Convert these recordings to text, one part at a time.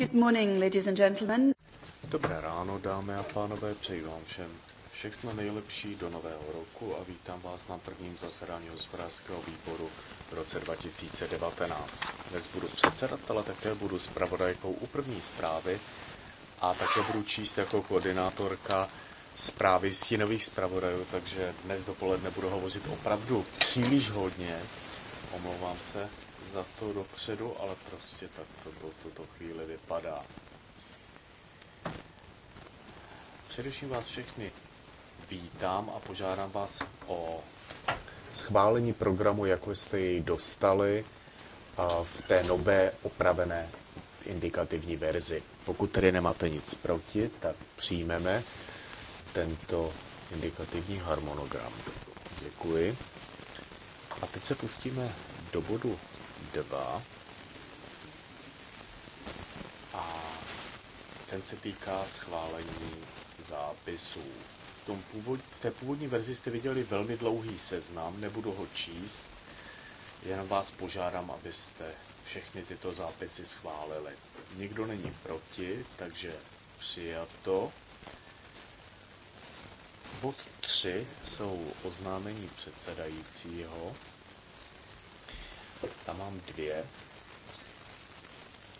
Good morning, ladies and gentlemen. Dobré ráno, dámy a pánové, přeji vám všem všechno nejlepší do nového roku a vítám vás na prvním zasedání hospodářského výboru v roce 2019. Dnes budu předsedat, ale také budu zpravodajkou u první zprávy a také budu číst jako koordinátorka zprávy stínových zpravodajů, takže dnes dopoledne budu hovořit opravdu příliš hodně. Omlouvám se za to dopředu, ale prostě tak to, do tuto chvíli vypadá. Především vás všechny vítám a požádám vás o schválení programu, jako jste jej dostali v té nové opravené indikativní verzi. Pokud tedy nemáte nic proti, tak přijmeme tento indikativní harmonogram. Děkuji. A teď se pustíme do bodu 2. A ten se týká schválení zápisů. V, tom původ, v té původní verzi jste viděli velmi dlouhý seznam, nebudu ho číst, jen vás požádám, abyste všechny tyto zápisy schválili. Nikdo není proti, takže přijato. Bod 3 jsou oznámení předsedajícího. Tam mám dvě.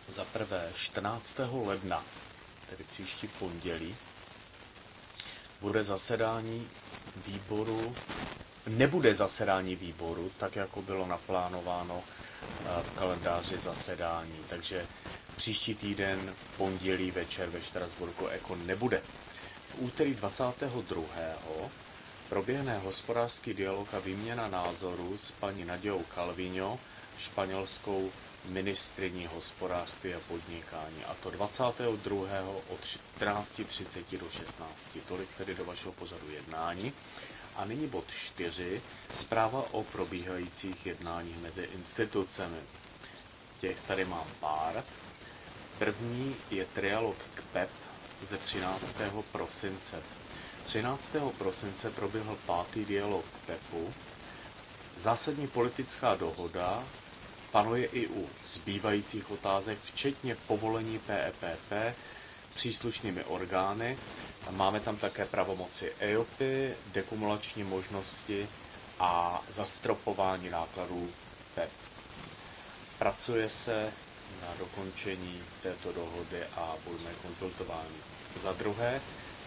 Za prvé 14. ledna, tedy příští pondělí, bude zasedání výboru, nebude zasedání výboru, tak jako bylo naplánováno eh, v kalendáři zasedání. Takže příští týden v pondělí večer ve Štrasburku EKO nebude. V úterý 22. proběhne hospodářský dialog a výměna názorů s paní Nadějou Kalvíňou, španělskou ministriní hospodářství a podnikání. A to 22. od 14.30 do 16. Tolik tedy do vašeho pořadu jednání. A nyní bod 4. Zpráva o probíhajících jednáních mezi institucemi. Těch tady mám pár. První je trialog k PEP e ze 13. prosince. 13. prosince proběhl pátý dialog PEPu. Zásadní politická dohoda panuje i u zbývajících otázek, včetně povolení PEPP e příslušnými orgány. Máme tam také pravomoci EOPy, dekumulační možnosti a zastropování nákladů PEP. E Pracuje se na dokončení této dohody a budeme konzultováni. Za druhé,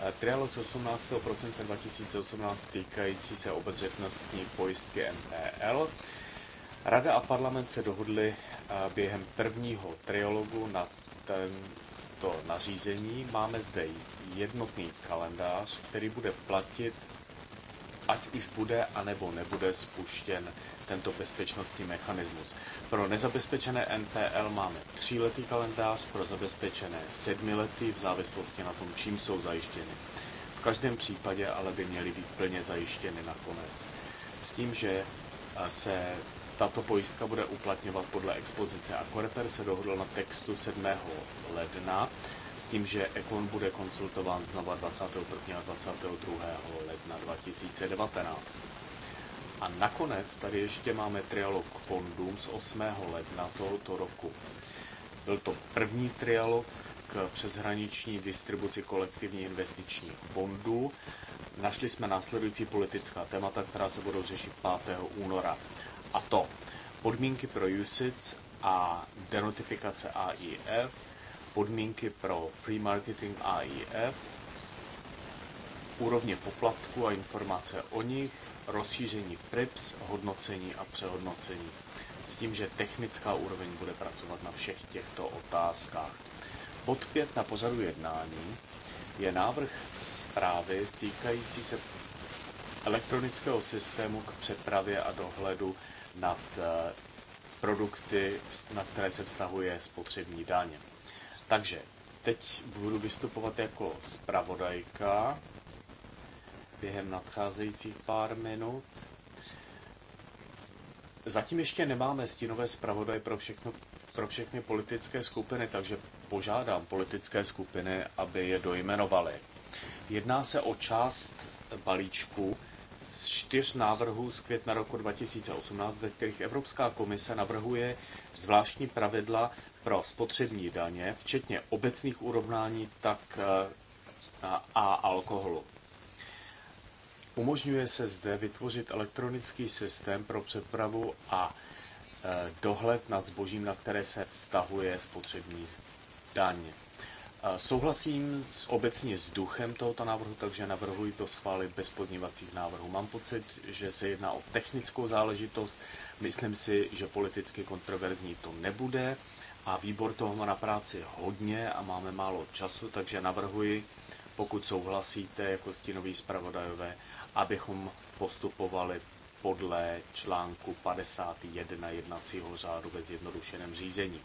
eh, trialog z 18. prosince 2018 týkající se obezřetnostní pojistky MPL. Rada a parlament se dohodli, eh, během prvního trialogu na tento nařízení. Máme zde jednotný kalendář, který bude platit, ať už bude a nebo nebude spuštěn tento bezpečnostní mechanismus. Pro nezabezpečené NPL máme tříletý kalendář, pro zabezpečené sedmiletý v závislosti na tom, čím jsou zajištěny. V každém případě ale by měly být plně zajištěny nakonec. S tím, že eh, se tato pojistka bude uplatňovat podle expozice. A Koreper se dohodl na textu 7. ledna s tím, že Ekon bude konsultován znova 21. a 22. ledna 2019. A nakonec tady ještě máme trialog k fondům z 8. ledna tohoto roku. Byl to první trialog k přeshraniční distribuci kolektivní investičních fondů. Našli jsme následující politická témata, která se budou řešit 5. února a to podmínky pro USIC a denotifikace AIF, podmínky pro free marketing AIF, úrovně poplatku a informace o nich, rozšíření PRIPS, hodnocení a přehodnocení. S tím, že technická úroveň bude pracovat na všech těchto otázkách. Bod 5 na pořadu jednání je návrh zprávy týkající se elektronického systému k přepravě a dohledu nad eh, produkty, na které se vztahuje spotřební daň. Takže teď budu vystupovat jako zpravodajka během nadcházejících pár minut. Zatím ještě nemáme stínové zpravodaj pro, všechno, pro všechny politické skupiny, takže požádám politické skupiny, aby je dojmenovaly. Jedná se o část balíčku, čtyř návrhů z května roku 2018, ve kterých Evropská komise navrhuje zvláštní pravidla pro spotřební daně, včetně obecných urovnání tak eh, a alkoholu. Umožňuje se zde vytvořit elektronický systém pro přepravu a eh, dohled nad zbožím, na které se vztahuje spotřební daně. Souhlasím s obecně s duchem tohoto návrhu, takže navrhuji to schválit bez pozněvacích návrhů. Mám pocit, že se jedná o technickou záležitost. Myslím si, že politicky kontroverzní to nebude a výbor toho má na práci hodně a máme málo času, takže navrhuji, pokud souhlasíte jako stinoví zpravodajové, abychom postupovali podle článku 51 jednacího řádu ve zjednodušeném řízení.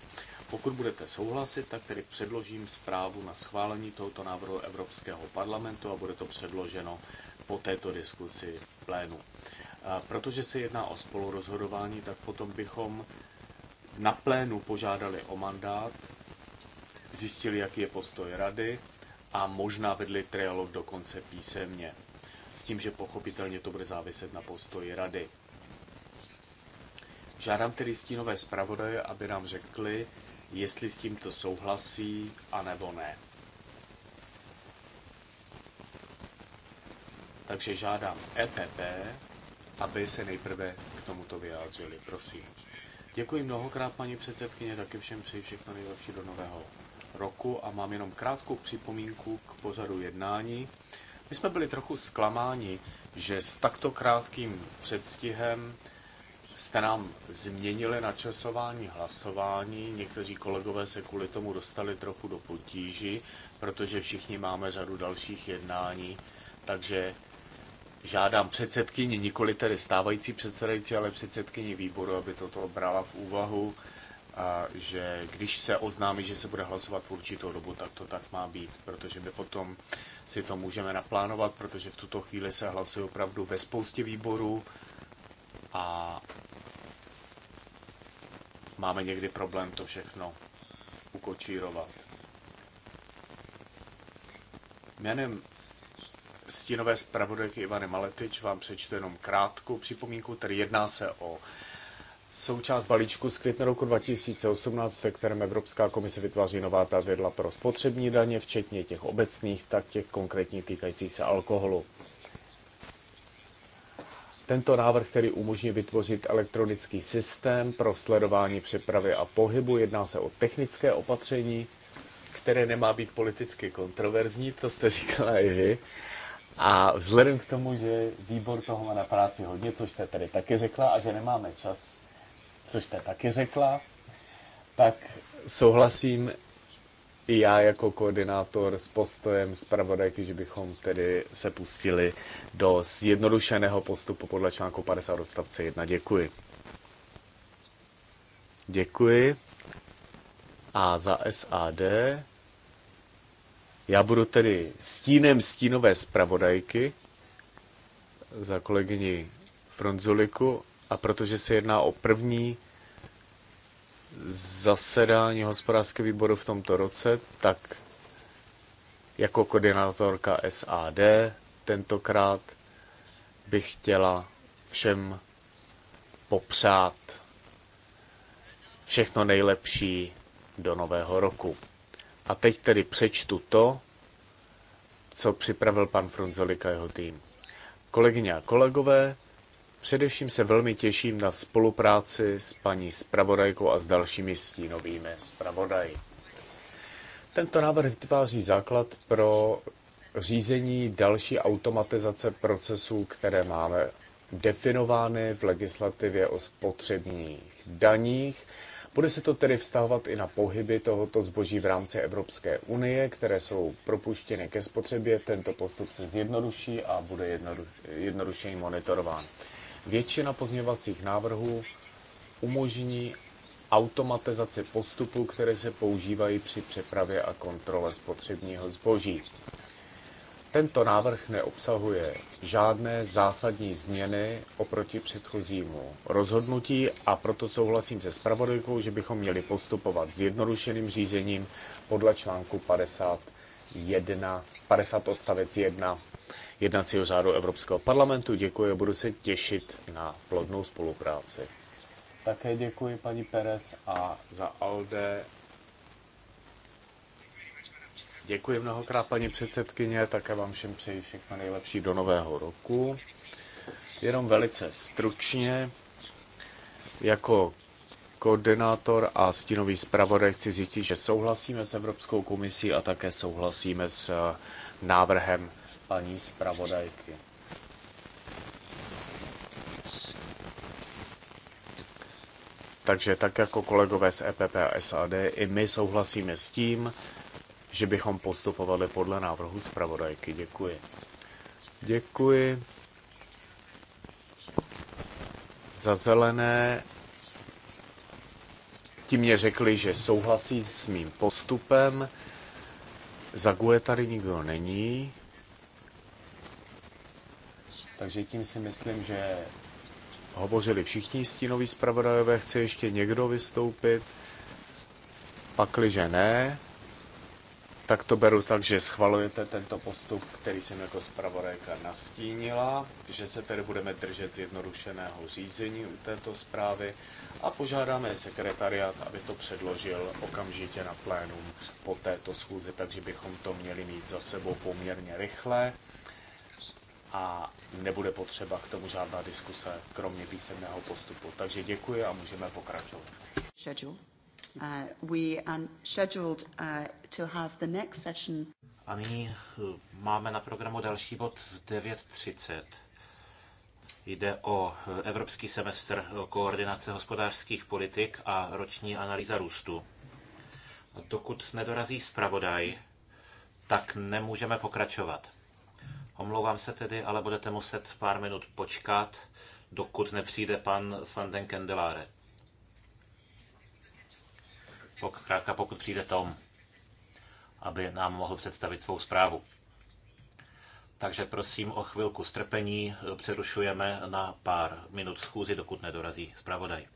Pokud budete souhlasit, tak tedy předložím zprávu na schválení tohoto návrhu Evropského parlamentu a bude to předloženo po této diskusi v plénu. Protože se jedná o spolurozhodování, tak potom bychom na plénu požádali o mandát, zjistili, jaký je postoj rady a možná vedli trialog dokonce písemně. S tím, že pochopitelně to bude záviset na postoji rady. Žádám tedy stínové zpravodaje, aby nám řekli, jestli s tímto souhlasí, a nebo ne. Takže žádám EPP, aby se nejprve k tomuto vyjádřili. Prosím. Děkuji mnohokrát, paní předsedkyně, taky všem přeji všechno nejlepší do nového roku a mám jenom krátkou připomínku k pořadu jednání. My jsme byli trochu zklamáni, že s takto krátkým předstihem jste nám změnili načasování hlasování. Někteří kolegové se kvůli tomu dostali trochu do potíži, protože všichni máme řadu dalších jednání, takže žádám předsedkyni, nikoli tedy stávající předsedající, ale předsedkyni výboru, aby toto brala v úvahu, a že když se oznámí, že se bude hlasovat v určitou dobu, tak to tak má být, protože my potom si to můžeme naplánovat, protože v tuto chvíli se hlasuje opravdu ve spoustě výborů a máme někdy problém to všechno ukočírovat. Jménem stínové zpravodajky Ivany Maletič vám přečtu jenom krátkou připomínku, tedy jedná se o součást balíčku z května roku 2018, ve kterém Evropská komise vytváří nová pravidla pro spotřební daně, včetně těch obecných, tak těch konkrétních týkajících se alkoholu. Tento návrh který umožní vytvořit elektronický systém pro sledování přepravy a pohybu. Jedná se o technické opatření, které nemá být politicky kontroverzní, to jste říkala i vy. A vzhledem k tomu, že výbor toho má na práci hodně, což jste tady taky řekla, a že nemáme čas, což jste taky řekla, tak souhlasím i já jako koordinátor s postojem pravodajky, že bychom tedy se pustili do zjednodušeného postupu podle článku 50 odstavce 1. Děkuji. Děkuji. A za SAD já budu tedy stínem stínové zpravodajky za kolegyni Fronzuliku a protože se jedná o první zasedání hospodářského výboru v tomto roce, tak jako koordinátorka SAD tentokrát bych chtěla všem popřát všechno nejlepší do nového roku. A teď tedy přečtu to, co připravil pan a jeho tým. Kolegyně a kolegové, Především se velmi těším na spolupráci s paní zpravodajkou a s dalšími stínovými zpravodaji. Tento návrh vytváří základ pro řízení další automatizace procesů, které máme definovány v legislativě o spotřebních daních. Bude se to tedy vztahovat i na pohyby tohoto zboží v rámci Evropské unie, které jsou propuštěny ke spotřebě. Tento postup se zjednoduší a bude jednodušeji monitorován. Většina pozměňovacích návrhů umožní automatizaci postupů, které se používají při přepravě a kontrole spotřebního zboží. Tento návrh neobsahuje žádné zásadní změny oproti předchozímu rozhodnutí a proto souhlasím se spravodajkou, že bychom měli postupovat s jednodušeným řízením podle článku 51, 50 odstavec 1 jednacího řádu Evropského parlamentu. Děkuji a budu se těšit na plodnou spolupráci. Také děkuji paní Perez a za Alde. Děkuji mnohokrát paní předsedkyně, také vám všem přeji všechno nejlepší do nového roku. Jenom velice stručně, jako koordinátor a stínový zpravodaj chci říct, že souhlasíme s Evropskou komisí a také souhlasíme s eh, návrhem paní zpravodajky. Takže tak jako kolegové z EPP a SAD, i my souhlasíme s tím, že bychom postupovali podle návrhu zpravodajky. Děkuji. Děkuji. Za zelené ti mě řekli, že souhlasí s mým postupem. Za GUE tady nikdo není. Takže tím si myslím, že hovořili všichni stínoví zpravodajové. Chce ještě někdo vystoupit? Pakliže ne, tak to beru tak, že schvalujete tento postup, který jsem jako zpravodajka nastínila, že se tedy budeme držet zjednodušeného řízení u této zprávy a požádáme sekretariat, aby to předložil okamžitě na plénum po této schůzi, takže bychom to měli mít za sebou poměrně rychle a nebude potřeba k tomu žádná diskuse, kromě písemného postupu. Takže děkuji a můžeme pokračovat. Uh, uh, a nyní uh, máme na programu další bod v 9.30. Jde o Evropský semestr koordinace hospodářských politik a roční analýza růstu. Dokud nedorazí zpravodaj, tak nemůžeme pokračovat. Omlouvám se tedy, ale budete muset pár minut počkat, dokud nepřijde pan van den Kendeláre. krátka, pokud přijde Tom, aby nám mohl představit svou zprávu. Takže prosím o chvilku strpení, přerušujeme na pár minut schůzi, dokud nedorazí zpravodaj.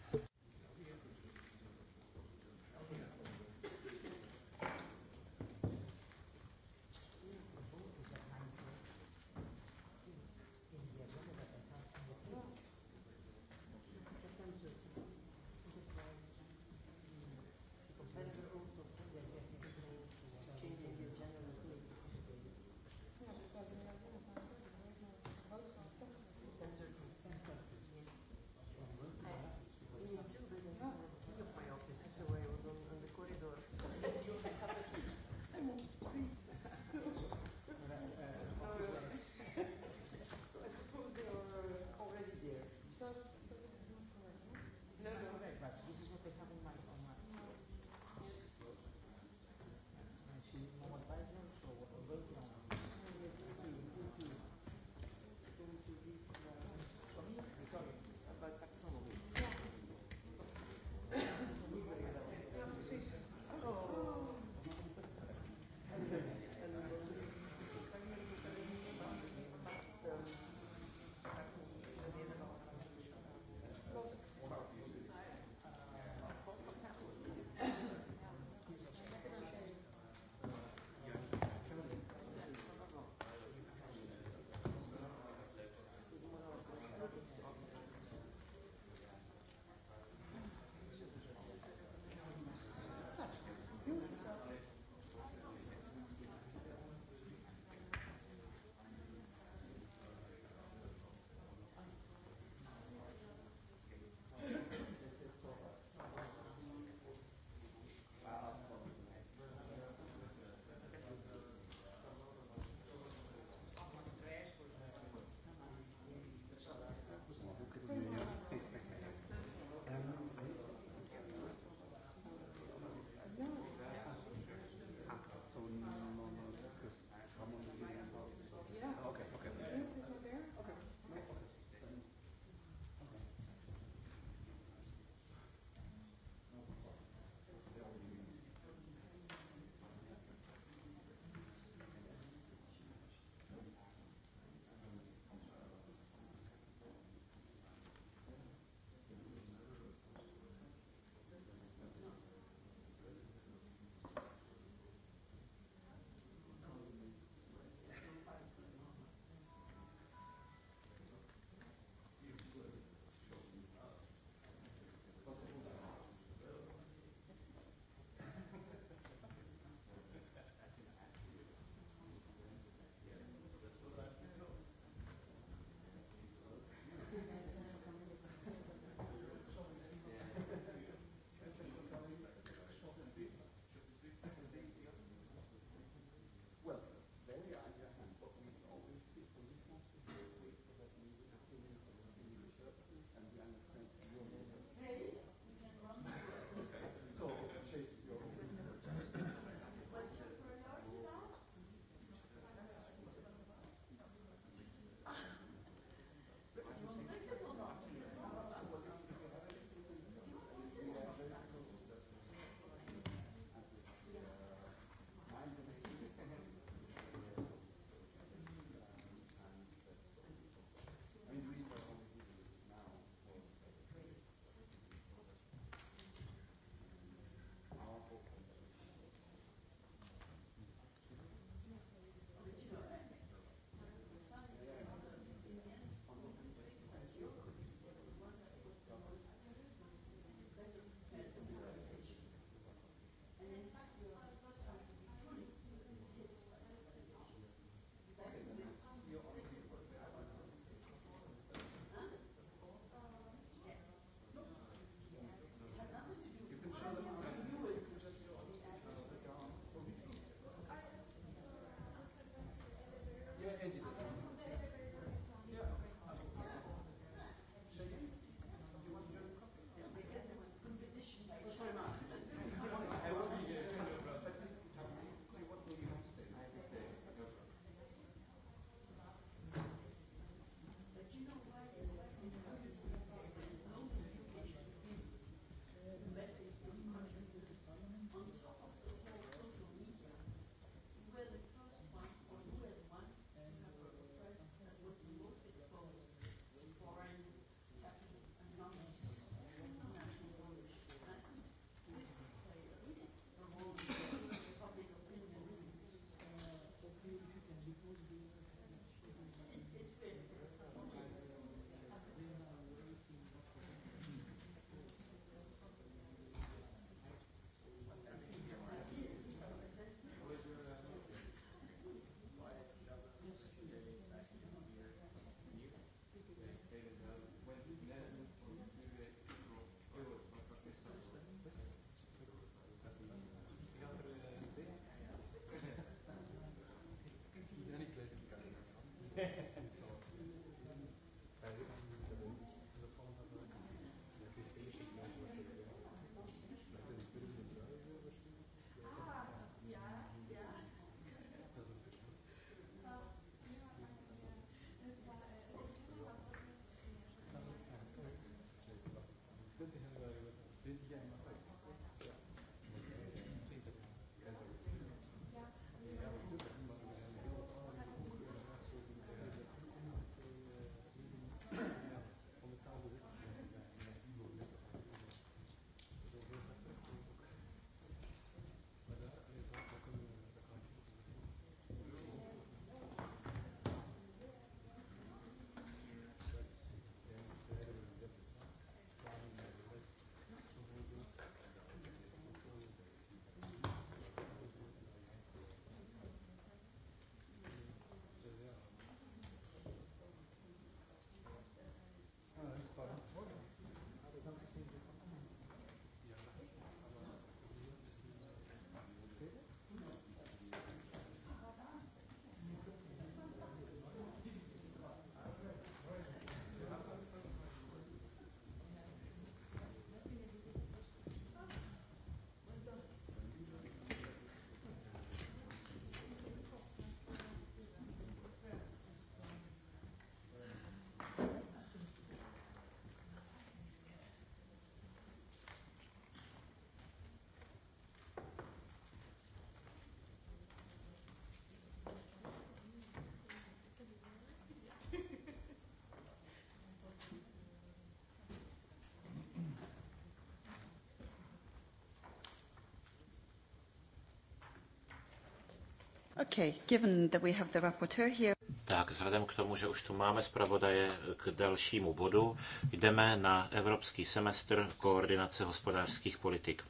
Okay, given that we have the rapporteur here. Tak, vzhledem k tomu, že už tu máme zpravodaje k dalšímu bodu, jdeme na Evropský semestr koordinace hospodářských politik.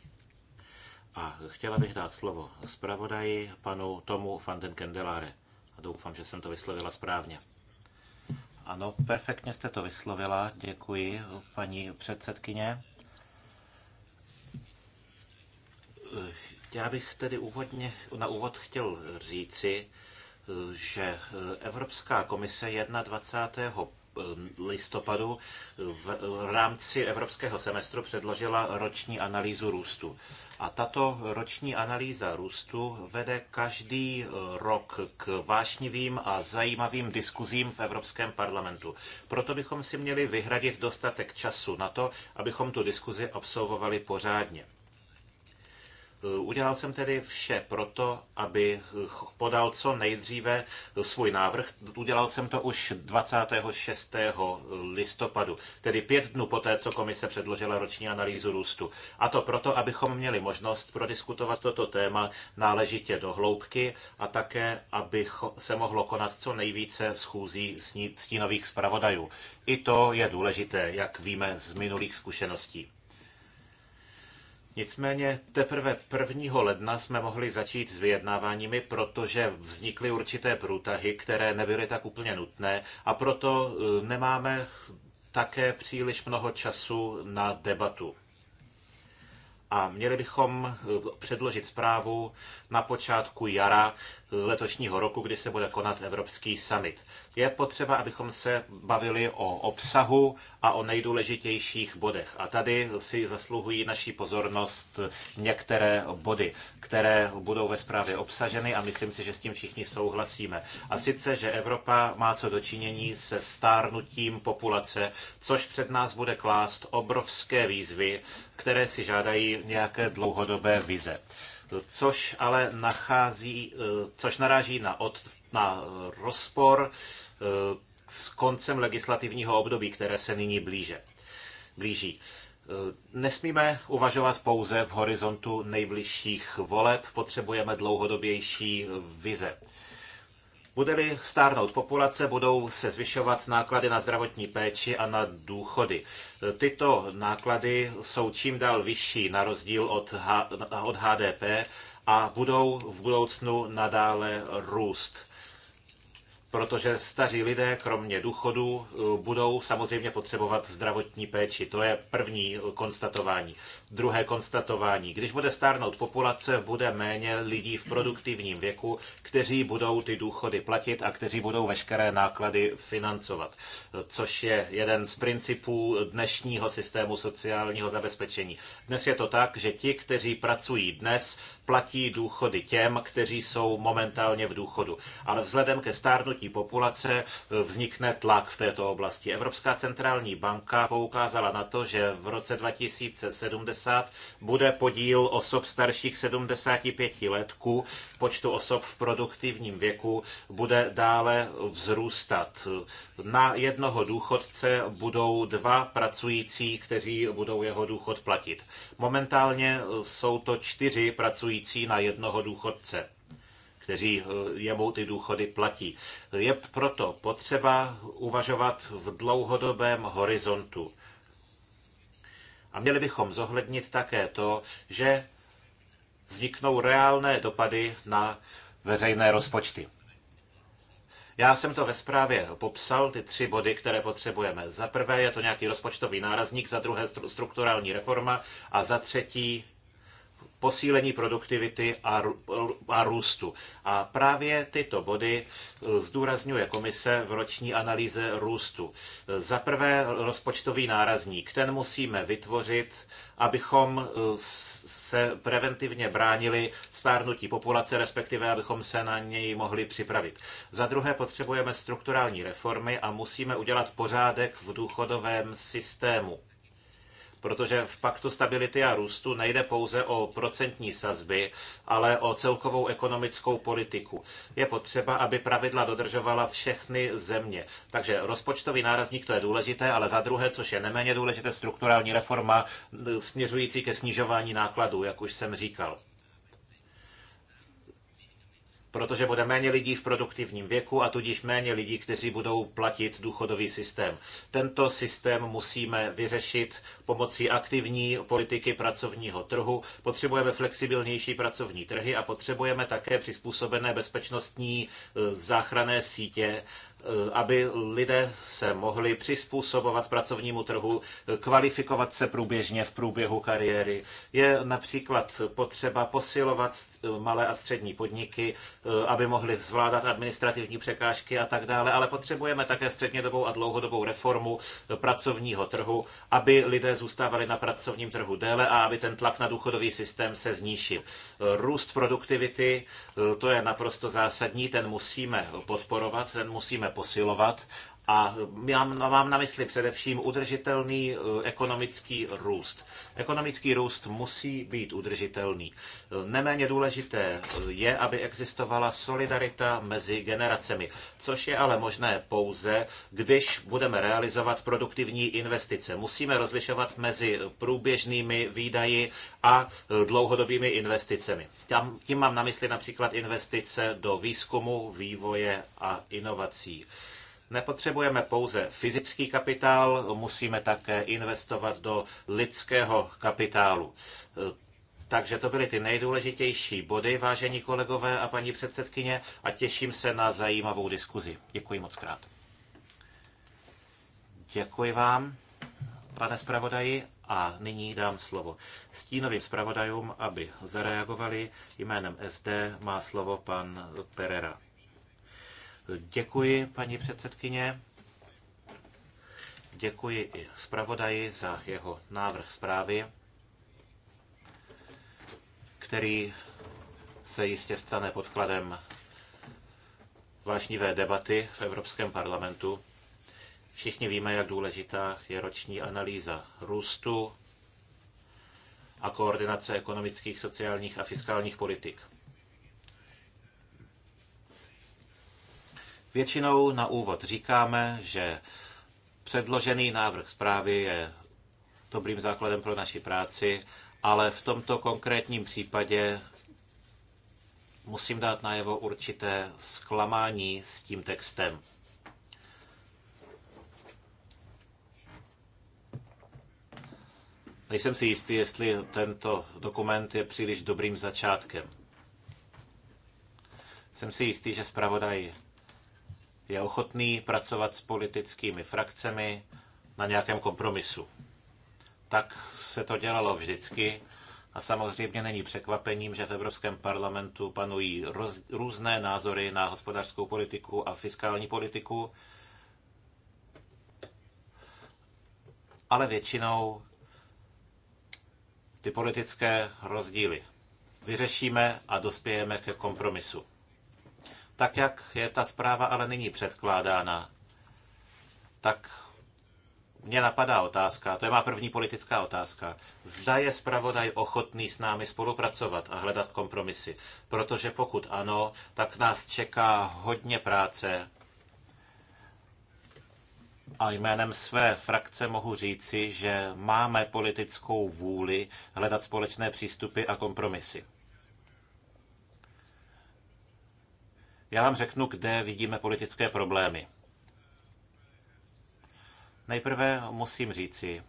A chtěla bych dát slovo zpravodaji panu Tomu van den Kendelare. A doufám, že jsem to vyslovila správně. Ano, perfektně jste to vyslovila. Děkuji, paní předsedkyně. Já bych tedy úvodně, na úvod chtěl říci, že Evropská komise 21 listopadu v, rámci evropského semestru předložila roční analýzu růstu. A tato roční analýza růstu vede každý rok k vášnivým a zajímavým diskuzím v Evropském parlamentu. Proto bychom si měli vyhradit dostatek času na to, abychom tu diskuzi absolvovali pořádně. Eh, udělal jsem tedy vše proto, aby podal co nejdříve svůj návrh. Udělal jsem to už 26. listopadu, tedy pět dnů poté, co komise předložila roční analýzu růstu. A to proto, abychom měli možnost prodiskutovat toto téma náležitě do hloubky a také, aby se mohlo konat co nejvíce schůzí stínových zpravodajů. I to je důležité, jak víme z minulých zkušeností. Nicméně teprve 1. ledna jsme mohli začít s vyjednáváními, protože vznikly určité průtahy, které nebyly tak úplně nutné a proto e, nemáme také příliš mnoho času na debatu. A měli bychom e, předložit zprávu na počátku jara, letošního roku, kdy se bude konat Evropský summit. Je potřeba, abychom se bavili o obsahu a o nejdůležitějších bodech. A tady si zasluhují naší pozornost některé body, které budou ve zprávě obsaženy a myslím si, že s tím všichni souhlasíme. A sice, že Evropa má co dočinění se stárnutím populace, což před nás bude klást obrovské výzvy, které si žádají nějaké dlouhodobé vize což ale nachází, eh, což naráží na, od, na eh, rozpor eh, s koncem legislativního období, které se nyní blíže, blíží. Nesmíme uvažovat pouze v horizontu nejbližších voleb, potřebujeme dlouhodobější vize. Bude-li stárnout populace, budou se zvyšovat náklady na zdravotní péči a na důchody. Tyto náklady jsou čím dál vyšší na rozdíl od, H- od HDP a budou v budoucnu nadále růst protože staří lidé, kromě důchodů, budou samozřejmě potřebovat zdravotní péči. To je první konstatování. Druhé konstatování. Když bude stárnout populace, bude méně lidí v produktivním věku, kteří budou ty důchody platit a kteří budou veškeré náklady financovat, což je jeden z principů dnešního systému sociálního zabezpečení. Dnes je to tak, že ti, kteří pracují dnes, platí důchody těm, kteří jsou momentálně v důchodu. Ale vzhledem ke stárnutí populace vznikne tlak v této oblasti. Evropská centrální banka poukázala na to, že v roce 2070 60 bude podíl osob starších 75 let ku počtu osob v produktivním věku bude dále vzrůstat. Na jednoho důchodce budou dva pracující, kteří budou jeho důchod platit. Momentálně jsou to čtyři pracující na jednoho důchodce kteří eh, jemu ty důchody platí. Je proto potřeba uvažovat v dlouhodobém horizontu. A měli bychom zohlednit také to, že vzniknou reálné dopady na veřejné rozpočty. Já jsem to ve zprávě popsal, ty tři body, které potřebujeme. Za prvé je to nějaký rozpočtový nárazník, za druhé strukturální reforma a za třetí posílení produktivity a, a růstu. A právě tyto body eh, zdůrazňuje komise v roční analýze růstu. Eh, za prvé rozpočtový nárazník. Ten musíme vytvořit, abychom eh, se preventivně bránili stárnutí populace, respektive abychom se na něj mohli připravit. Za druhé potřebujeme strukturální reformy a musíme udělat pořádek v důchodovém systému protože v paktu stability a růstu nejde pouze o procentní sazby, ale o celkovou ekonomickou politiku. Je potřeba, aby pravidla dodržovala všechny země. Takže rozpočtový nárazník to je důležité, ale za druhé, což je neméně důležité, strukturální reforma e, směřující ke snižování nákladů, jak už jsem říkal protože bude méně lidí v produktivním věku a tudíž méně lidí, kteří budou platit důchodový systém. Tento systém musíme vyřešit pomocí aktivní politiky pracovního trhu. Potřebujeme flexibilnější pracovní trhy a potřebujeme také přizpůsobené bezpečnostní e, záchranné sítě, Eh, aby lidé se mohli přizpůsobovat pracovnímu trhu, kvalifikovat se průběžně v průběhu kariéry. Je například potřeba posilovat malé a střední podniky, eh, aby mohli zvládat administrativní překážky a tak dále, ale potřebujeme také střednědobou a dlouhodobou reformu eh, pracovního trhu, aby lidé zůstávali na pracovním trhu déle a aby ten tlak na důchodový systém se znížil. Růst produktivity, to je naprosto zásadní, ten musíme podporovat, ten musíme posilovat a já mám na mysli především udržitelný eh, ekonomický růst. Ekonomický růst musí být udržitelný. Eh, neméně důležité eh, je, aby existovala solidarita mezi generacemi, což je ale možné pouze, když budeme realizovat produktivní investice. Musíme rozlišovat mezi průběžnými výdaji a dlouhodobými investicemi. tím mám na mysli například investice do výzkumu, vývoje a inovací. Nepotřebujeme pouze fyzický kapitál, musíme také investovat do lidského kapitálu. E, takže to byly ty nejdůležitější body, vážení kolegové a paní předsedkyně, a těším se na zajímavou diskuzi. Děkuji moc krát. Děkuji vám, pane zpravodaji, a nyní dám slovo stínovým zpravodajům, aby zareagovali. Jménem SD má slovo pan Perera. Děkuji, paní předsedkyně. Děkuji i zpravodaji za jeho návrh zprávy, který se jistě stane podkladem vášnivé debaty v Evropském parlamentu. Všichni víme, jak důležitá je roční analýza růstu a koordinace ekonomických, sociálních a fiskálních politik. Většinou na úvod říkáme, že předložený návrh zprávy je dobrým základem pro naši práci, ale v tomto konkrétním případě musím dát najevo určité zklamání s tím textem. Nejsem si jistý, jestli tento dokument je příliš dobrým začátkem. Jsem si jistý, že zpravodaj je ochotný pracovat s politickými frakcemi na nějakém kompromisu. Tak se to dělalo vždycky. A samozřejmě není překvapením, že v Evropském parlamentu panují roz, různé názory na hospodářskou politiku a fiskální politiku, ale většinou ty politické rozdíly vyřešíme a dospějeme ke kompromisu. Tak jak je ta zpráva ale nyní předkládána, tak mě napadá otázka, to je má první politická otázka. Zda je zpravodaj ochotný s námi spolupracovat a hledat kompromisy? Protože pokud ano, tak nás čeká hodně práce. A jménem své frakce mohu říci, že máme politickou vůli hledat společné přístupy a kompromisy. Já vám řeknu, kde vidíme politické problémy. Nejprve musím říci,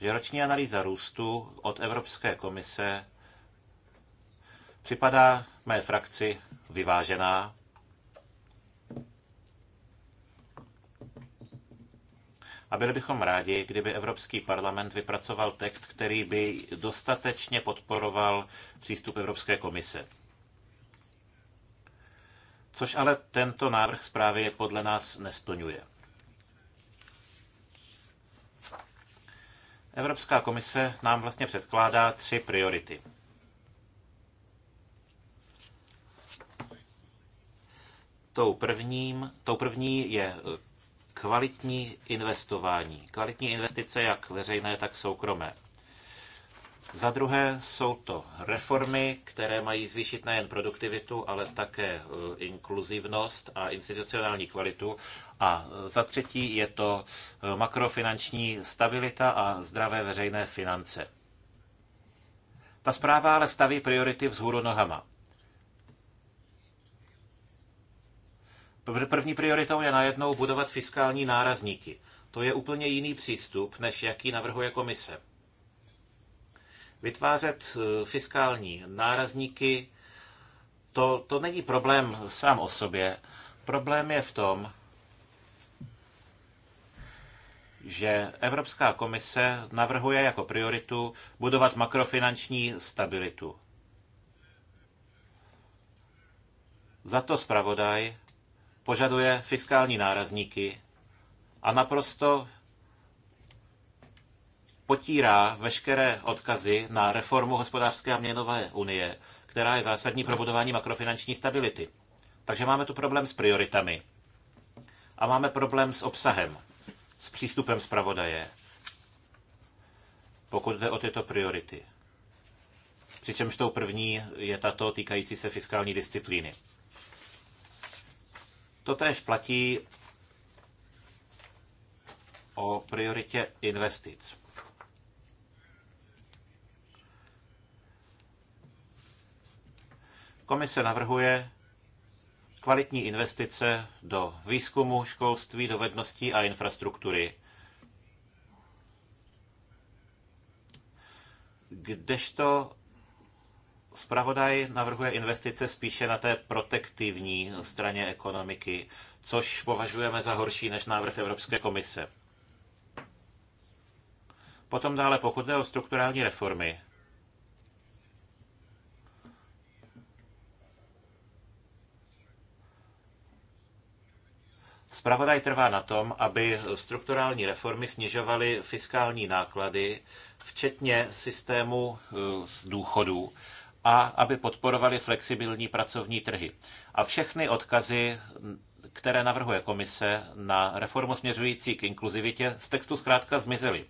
že roční analýza růstu od Evropské komise připadá mé frakci vyvážená. A byli bychom rádi, kdyby Evropský parlament vypracoval text, který by dostatečně podporoval přístup Evropské komise což ale tento návrh zprávy podle nás nesplňuje. Evropská komise nám vlastně předkládá tři priority. Tou, prvním, tou první je kvalitní investování. Kvalitní investice jak veřejné, tak soukromé. Za druhé jsou to reformy, které mají zvýšit nejen produktivitu, ale také e, inkluzivnost a institucionální kvalitu. A e, za třetí je to e, makrofinanční stabilita a zdravé veřejné finance. Ta zpráva ale staví priority vzhůru nohama. První prioritou je najednou budovat fiskální nárazníky. To je úplně jiný přístup, než jaký navrhuje komise. Vytvářet eh, fiskální nárazníky, to, to není problém sám o sobě. Problém je v tom, že Evropská komise navrhuje jako prioritu budovat makrofinanční stabilitu. Za to zpravodaj požaduje fiskální nárazníky a naprosto potírá veškeré odkazy na reformu hospodářské a měnové unie, která je zásadní pro budování makrofinanční stability. Takže máme tu problém s prioritami a máme problém s obsahem, s přístupem zpravodaje, pokud jde o tyto priority. Přičemž tou první je tato týkající se fiskální disciplíny. Totéž platí o prioritě investic. Komise navrhuje kvalitní investice do výzkumu, školství, dovedností a infrastruktury. Kdežto zpravodaj navrhuje investice spíše na té protektivní straně ekonomiky, což považujeme za horší než návrh Evropské komise. Potom dále, pokud jde o strukturální reformy, Spravodaj trvá na tom, aby strukturální reformy snižovaly fiskální náklady, včetně systému e, z důchodů, a aby podporovali flexibilní pracovní trhy. A všechny odkazy, které navrhuje komise na reformu směřující k inkluzivitě, z textu zkrátka zmizely.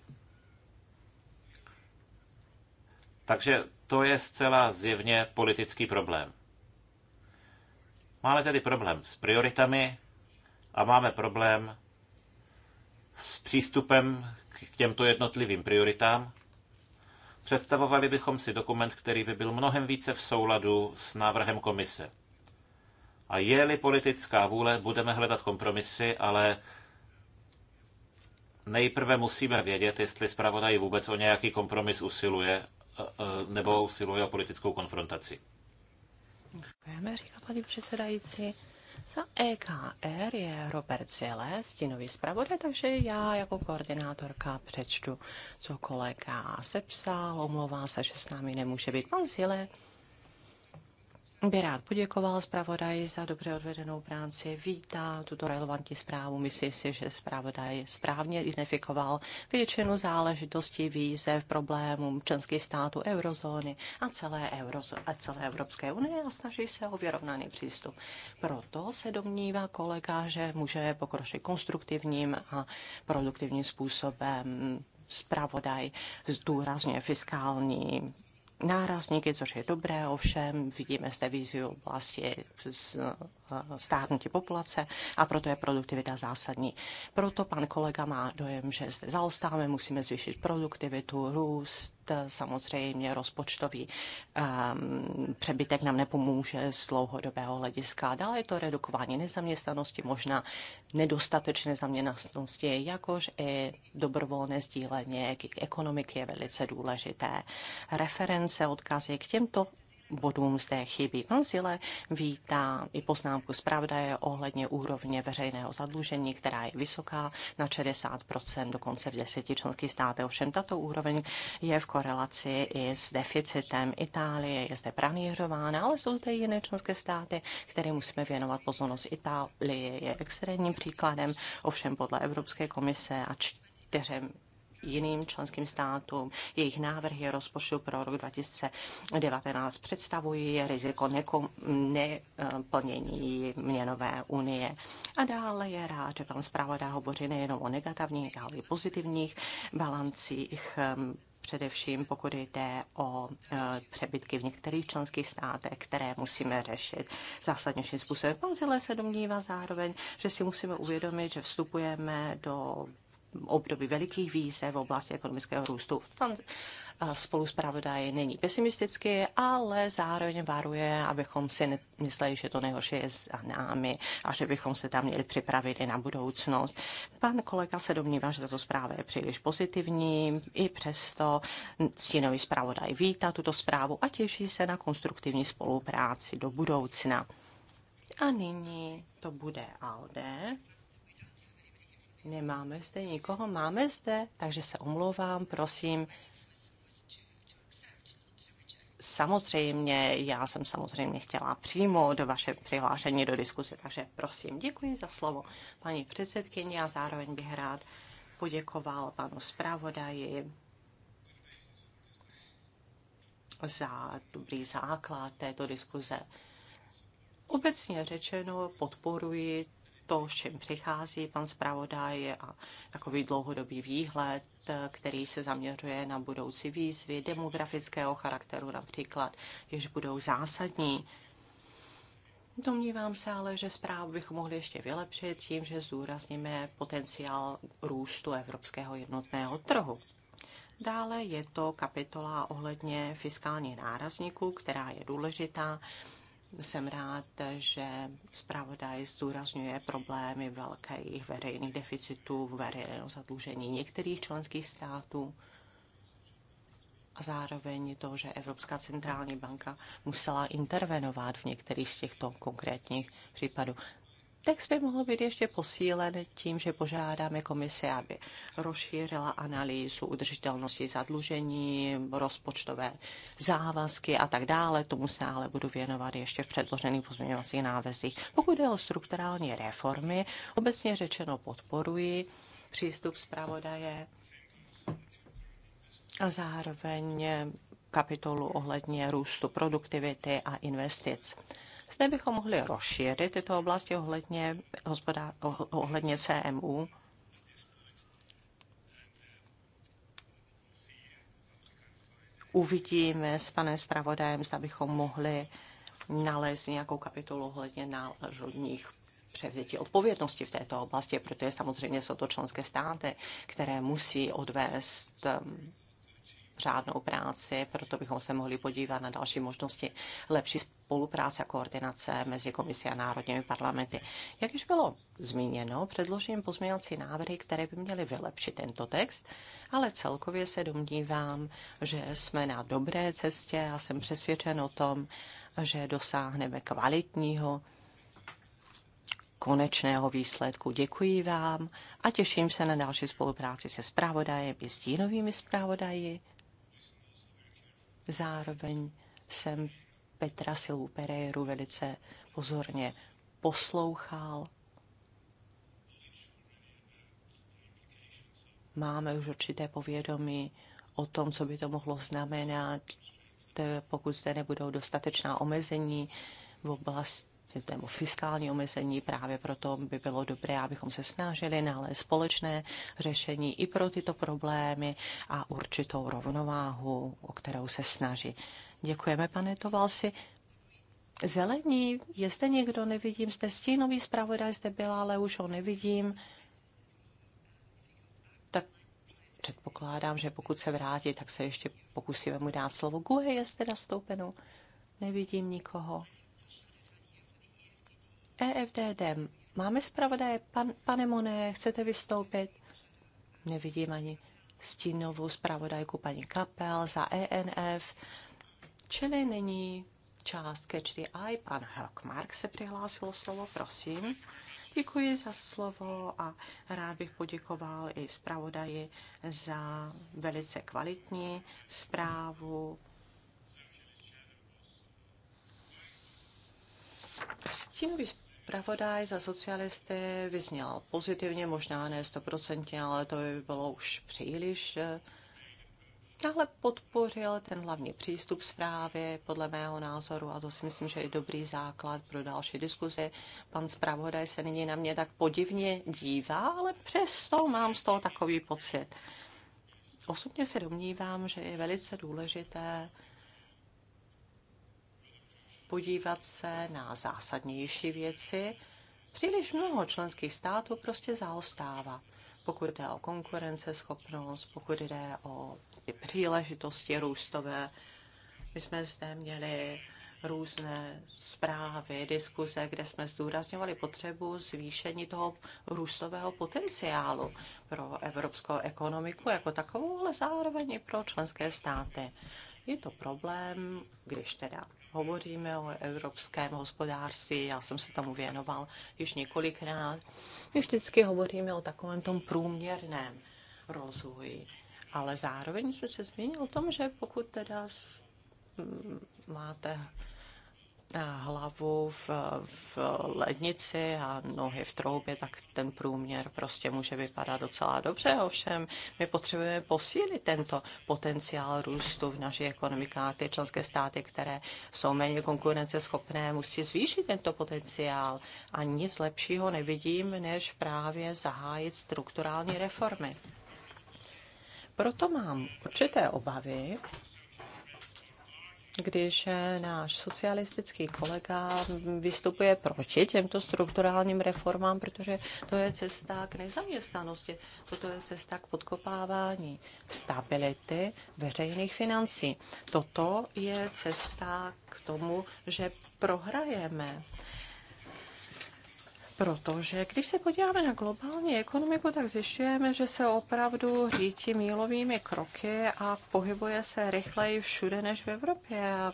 Takže to je zcela zjevně politický problém. Máme tedy problém s prioritami, a máme problém s přístupem k těmto jednotlivým prioritám. Představovali bychom si dokument, který by byl mnohem více v souladu s návrhem komise. A je-li politická vůle, budeme hledat kompromisy, ale nejprve musíme vědět, jestli zpravodaj vůbec o nějaký kompromis usiluje e, e, nebo usiluje o politickou konfrontaci. Děkujeme, říká paní předsedající. Za EKR je Robert Zile, stínový zpravodaj, takže já jako koordinátorka přečtu, co kolega sepsal, omlouvá se, že s námi nemůže být. Pan Zile by rád poděkoval zpravodaji za dobře odvedenou práci, vítá tuto relevantní zprávu. Myslí si, že zpravodaj správně identifikoval většinu záležitostí, výzev, problémů členských států eurozóny a celé, eurozó- a celé Evropské unie a snaží se o vyrovnaný přístup. Proto se domnívá kolega, že může pokročit konstruktivním a produktivním způsobem zpravodaj zdůrazňuje fiskální nárazníky, což je dobré, ovšem vidíme zde vizi oblasti eh, stárnutí populace a proto je produktivita zásadní. Proto pan kolega má dojem, že zde zaostáváme, musíme zvýšit produktivitu, růst, Eh, samozřejmě rozpočtový um, přebytek nám nepomůže z dlouhodobého hlediska. Dále je to redukování nezaměstnanosti, možná nedostatečné zaměstnanosti, jakož i dobrovolné sdílení ekonomiky je velice důležité. Reference, odkazy k těmto bodům zde chybí. Pan Zile vítá i poznámku zpravodaje ohledně úrovně veřejného zadlužení, která je vysoká na 60%, dokonce v deseti členky státech. Ovšem tato úroveň je v korelaci i s deficitem Itálie, je zde pranířována, ale jsou zde i jiné členské státy, které musíme věnovat pozornost. Itálie je extrémním příkladem, ovšem podle Evropské komise a čtyřem jiným členským státům. Jejich návrhy rozpočtu pro rok 2019 představují riziko nekom, neplnění měnové unie. A dále je rád, že pan zpravodaj hovoří nejenom o negativních, ale i pozitivních balancích ehm, především pokud jde o eh, přebytky v některých členských státech, které musíme řešit zásadnějším způsobem. Pan Zile se domnívá zároveň, že si musíme uvědomit, že vstupujeme do období velikých výzev v oblasti ekonomického růstu. Pan spoluzpravodaj není pesimistický, ale zároveň varuje, abychom si mysleli, že to nejhorší je za námi a že bychom se tam měli připravit i na budoucnost. Pan kolega se domnívá, že tato zpráva je příliš pozitivní, i přesto stínový zpravodaj vítá tuto zprávu a těší se na konstruktivní spolupráci do budoucna. A nyní to bude Alde. Nemáme zde nikoho, máme zde, takže se omlouvám, prosím. Samozřejmě, já jsem samozřejmě chtěla přímo do vaše přihlášení do diskuse, takže prosím, děkuji za slovo paní předsedkyně a zároveň bych rád poděkoval panu zpravodaji za dobrý základ této diskuze. Obecně řečeno podporuji to, s čím přichází pan zpravodaj a takový dlouhodobý výhled, který se zaměřuje na budoucí výzvy demografického charakteru například, jež budou zásadní. Domnívám se ale, že zprávu bychom mohli ještě vylepšit tím, že zdůrazníme potenciál růstu evropského jednotného trhu. Dále je to kapitola ohledně fiskálních nárazníků, která je důležitá jsem rád, že zpravodaj zdůrazňuje problémy velkých veřejných deficitů, veřejného zadlužení některých členských států a zároveň to, že Evropská centrální banka musela intervenovat v některých z těchto konkrétních případů. Text by mohl být ještě posílen tím, že požádáme komisi, aby rozšířila analýzu udržitelnosti zadlužení, rozpočtové závazky a tak dále. Tomu se ale budu věnovat ještě v předložených pozměňovacích návezích. Pokud jde o strukturální reformy, obecně řečeno podporuji přístup zpravodaje a zároveň kapitolu ohledně růstu produktivity a investic. Zde bychom mohli rozšířit tyto oblasti ohledně, hospodá, ohledně CMU. Uvidíme s panem zpravodajem, zda bychom mohli nalézt nějakou kapitolu ohledně národních převzetí odpovědnosti v této oblasti, protože samozřejmě jsou to členské státy, které musí odvést um, řádnou práci, proto bychom se mohli podívat na další možnosti lepší spolupráce a koordinace mezi komisí a národními parlamenty. Jak již bylo zmíněno, předložím pozměňovací návrhy, které by měly vylepšit tento text, ale celkově se domnívám, že jsme na dobré cestě a jsem přesvědčen o tom, že dosáhneme kvalitního konečného výsledku. Děkuji vám a těším se na další spolupráci se zpravodajem i stínovými zpravodaji. Zároveň jsem Petra Silvu Pereiru velice pozorně poslouchal. Máme už určité povědomí o tom, co by to mohlo znamenat, pokud zde nebudou dostatečná omezení v oblasti nebo fiskální omezení. Právě proto by bylo dobré, abychom se snažili nalézt společné řešení i pro tyto problémy a určitou rovnováhu, o kterou se snaží. Děkujeme, pane Tovalsi. Zelení, jestli někdo, nevidím, jste stínový zpravodaj, zde byla, ale už ho nevidím. Tak předpokládám, že pokud se vrátí, tak se ještě pokusíme mu dát slovo. Guhe je zde nastoupenou. Nevidím nikoho. EFDD. Máme zpravodaje, pan, pane Moné, chcete vystoupit? Nevidím ani stínovou zpravodajku paní Kapel za ENF, čili není část ke i Pan Helkmark se přihlásil slovo, prosím. Děkuji za slovo a rád bych poděkoval i zpravodaji za velice kvalitní zprávu. Stínový Pravodaj za socialisty vyzněl pozitivně, možná ne 100%, ale to by bylo už příliš. Tahle eh, podpořil ten hlavní přístup zprávy, podle mého názoru, a to si myslím, že je dobrý základ pro další diskuzi. Pan zpravodaj se nyní na mě tak podivně dívá, ale přesto mám z toho takový pocit. Osobně se domnívám, že je velice důležité podívat se na zásadnější věci. Příliš mnoho členských států prostě zaostává. Pokud jde o konkurenceschopnost, pokud jde o ty příležitosti růstové, my jsme zde měli různé zprávy, diskuze, kde jsme zdůrazňovali potřebu zvýšení toho růstového potenciálu pro evropskou ekonomiku jako takovou, ale zároveň i pro členské státy. Je to problém, když teda hovoříme o evropském hospodářství, já jsem se tomu věnoval již několikrát, my vždycky hovoříme o takovém tom průměrném rozvoji. Ale zároveň jsme se zmínil o tom, že pokud teda máte Eh, hlavu v, v lednici a nohy v troubě, tak ten průměr prostě může vypadat docela dobře. Ovšem, my potřebujeme posílit tento potenciál růstu v naší ekonomice. Ty členské státy, které jsou méně konkurenceschopné, musí zvýšit tento potenciál. A nic lepšího nevidím, než právě zahájit strukturální reformy. Proto mám určité obavy, když eh, náš socialistický kolega vystupuje proti těmto strukturálním reformám, protože to je cesta k nezaměstnanosti, toto je cesta k podkopávání stability veřejných financí. Toto je cesta k tomu, že prohrajeme. Protože když se podíváme na globální ekonomiku, tak zjišťujeme, že se opravdu řídí mílovými kroky a pohybuje se rychleji všude než v Evropě. A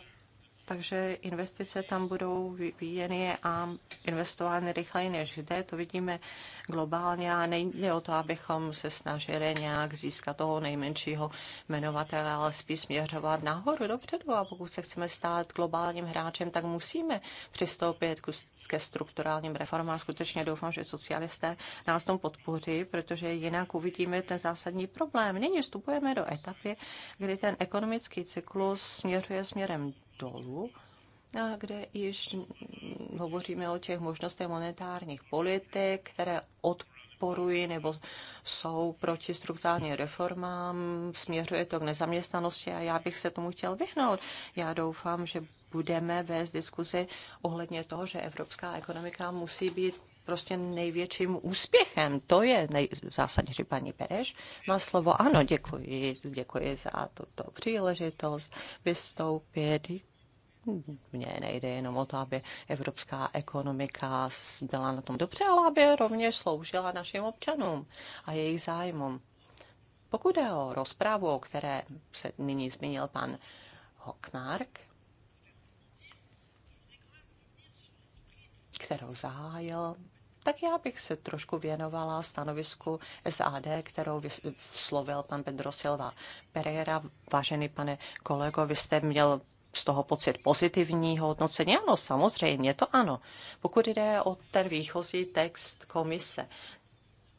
takže investice tam budou vyvíjeny a investovány rychleji než jde. To vidíme globálně a nejde o to, abychom se snažili nějak získat toho nejmenšího jmenovatele, ale spíš směřovat nahoru, dopředu. A pokud se chceme stát globálním hráčem, tak musíme přistoupit ke strukturálním reformám. Skutečně doufám, že socialisté nás tom podpoří, protože jinak uvidíme ten zásadní problém. Nyní vstupujeme do etapy, kdy ten ekonomický cyklus směřuje směrem dolů, kde již hovoříme o těch možnostech monetárních politik, které odporují nebo jsou proti strukturálním reformám, směřuje to k nezaměstnanosti a já bych se tomu chtěl vyhnout. Já doufám, že budeme vést diskuzi ohledně toho, že evropská ekonomika musí být prostě největším úspěchem. To je zásadně, že paní Pereš. Má slovo, ano, děkuji, děkuji za tuto příležitost vystoupit mně nejde jenom o to, aby evropská ekonomika byla na tom dobře, ale aby rovněž sloužila našim občanům a jejich zájmům. Pokud je o rozpravu, o které se nyní zmínil pan Hockmark, kterou zahájil tak já bych se trošku věnovala stanovisku SAD, kterou vyslovil pan Pedro Silva Pereira. Vážený pane kolego, vy jste měl z toho pocit pozitivního hodnocení? Ano, samozřejmě, to ano. Pokud jde o ten výchozí text komise,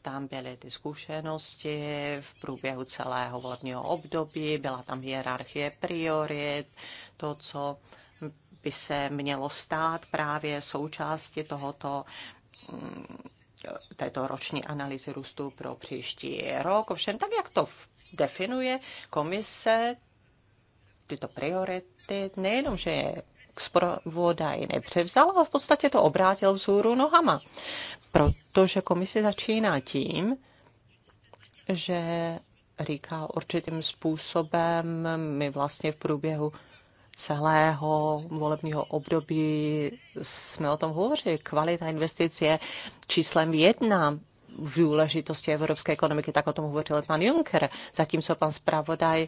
tam byly ty zkušenosti v průběhu celého volebního období, byla tam hierarchie priorit, to, co by se mělo stát právě součástí tohoto této roční analýzy růstu pro příští rok. Ovšem, tak jak to definuje komise, tyto priority, nejenom, že je k zpravodaji nepřevzal, ale v podstatě to obrátil vzhůru nohama. Protože komise začíná tím, že říká určitým způsobem, my vlastně v průběhu celého volebního období jsme o tom hovořili. Kvalita investic je číslem jedna v důležitosti evropské ekonomiky, tak o tom hovořil pan Juncker, zatímco pan zpravodaj eh,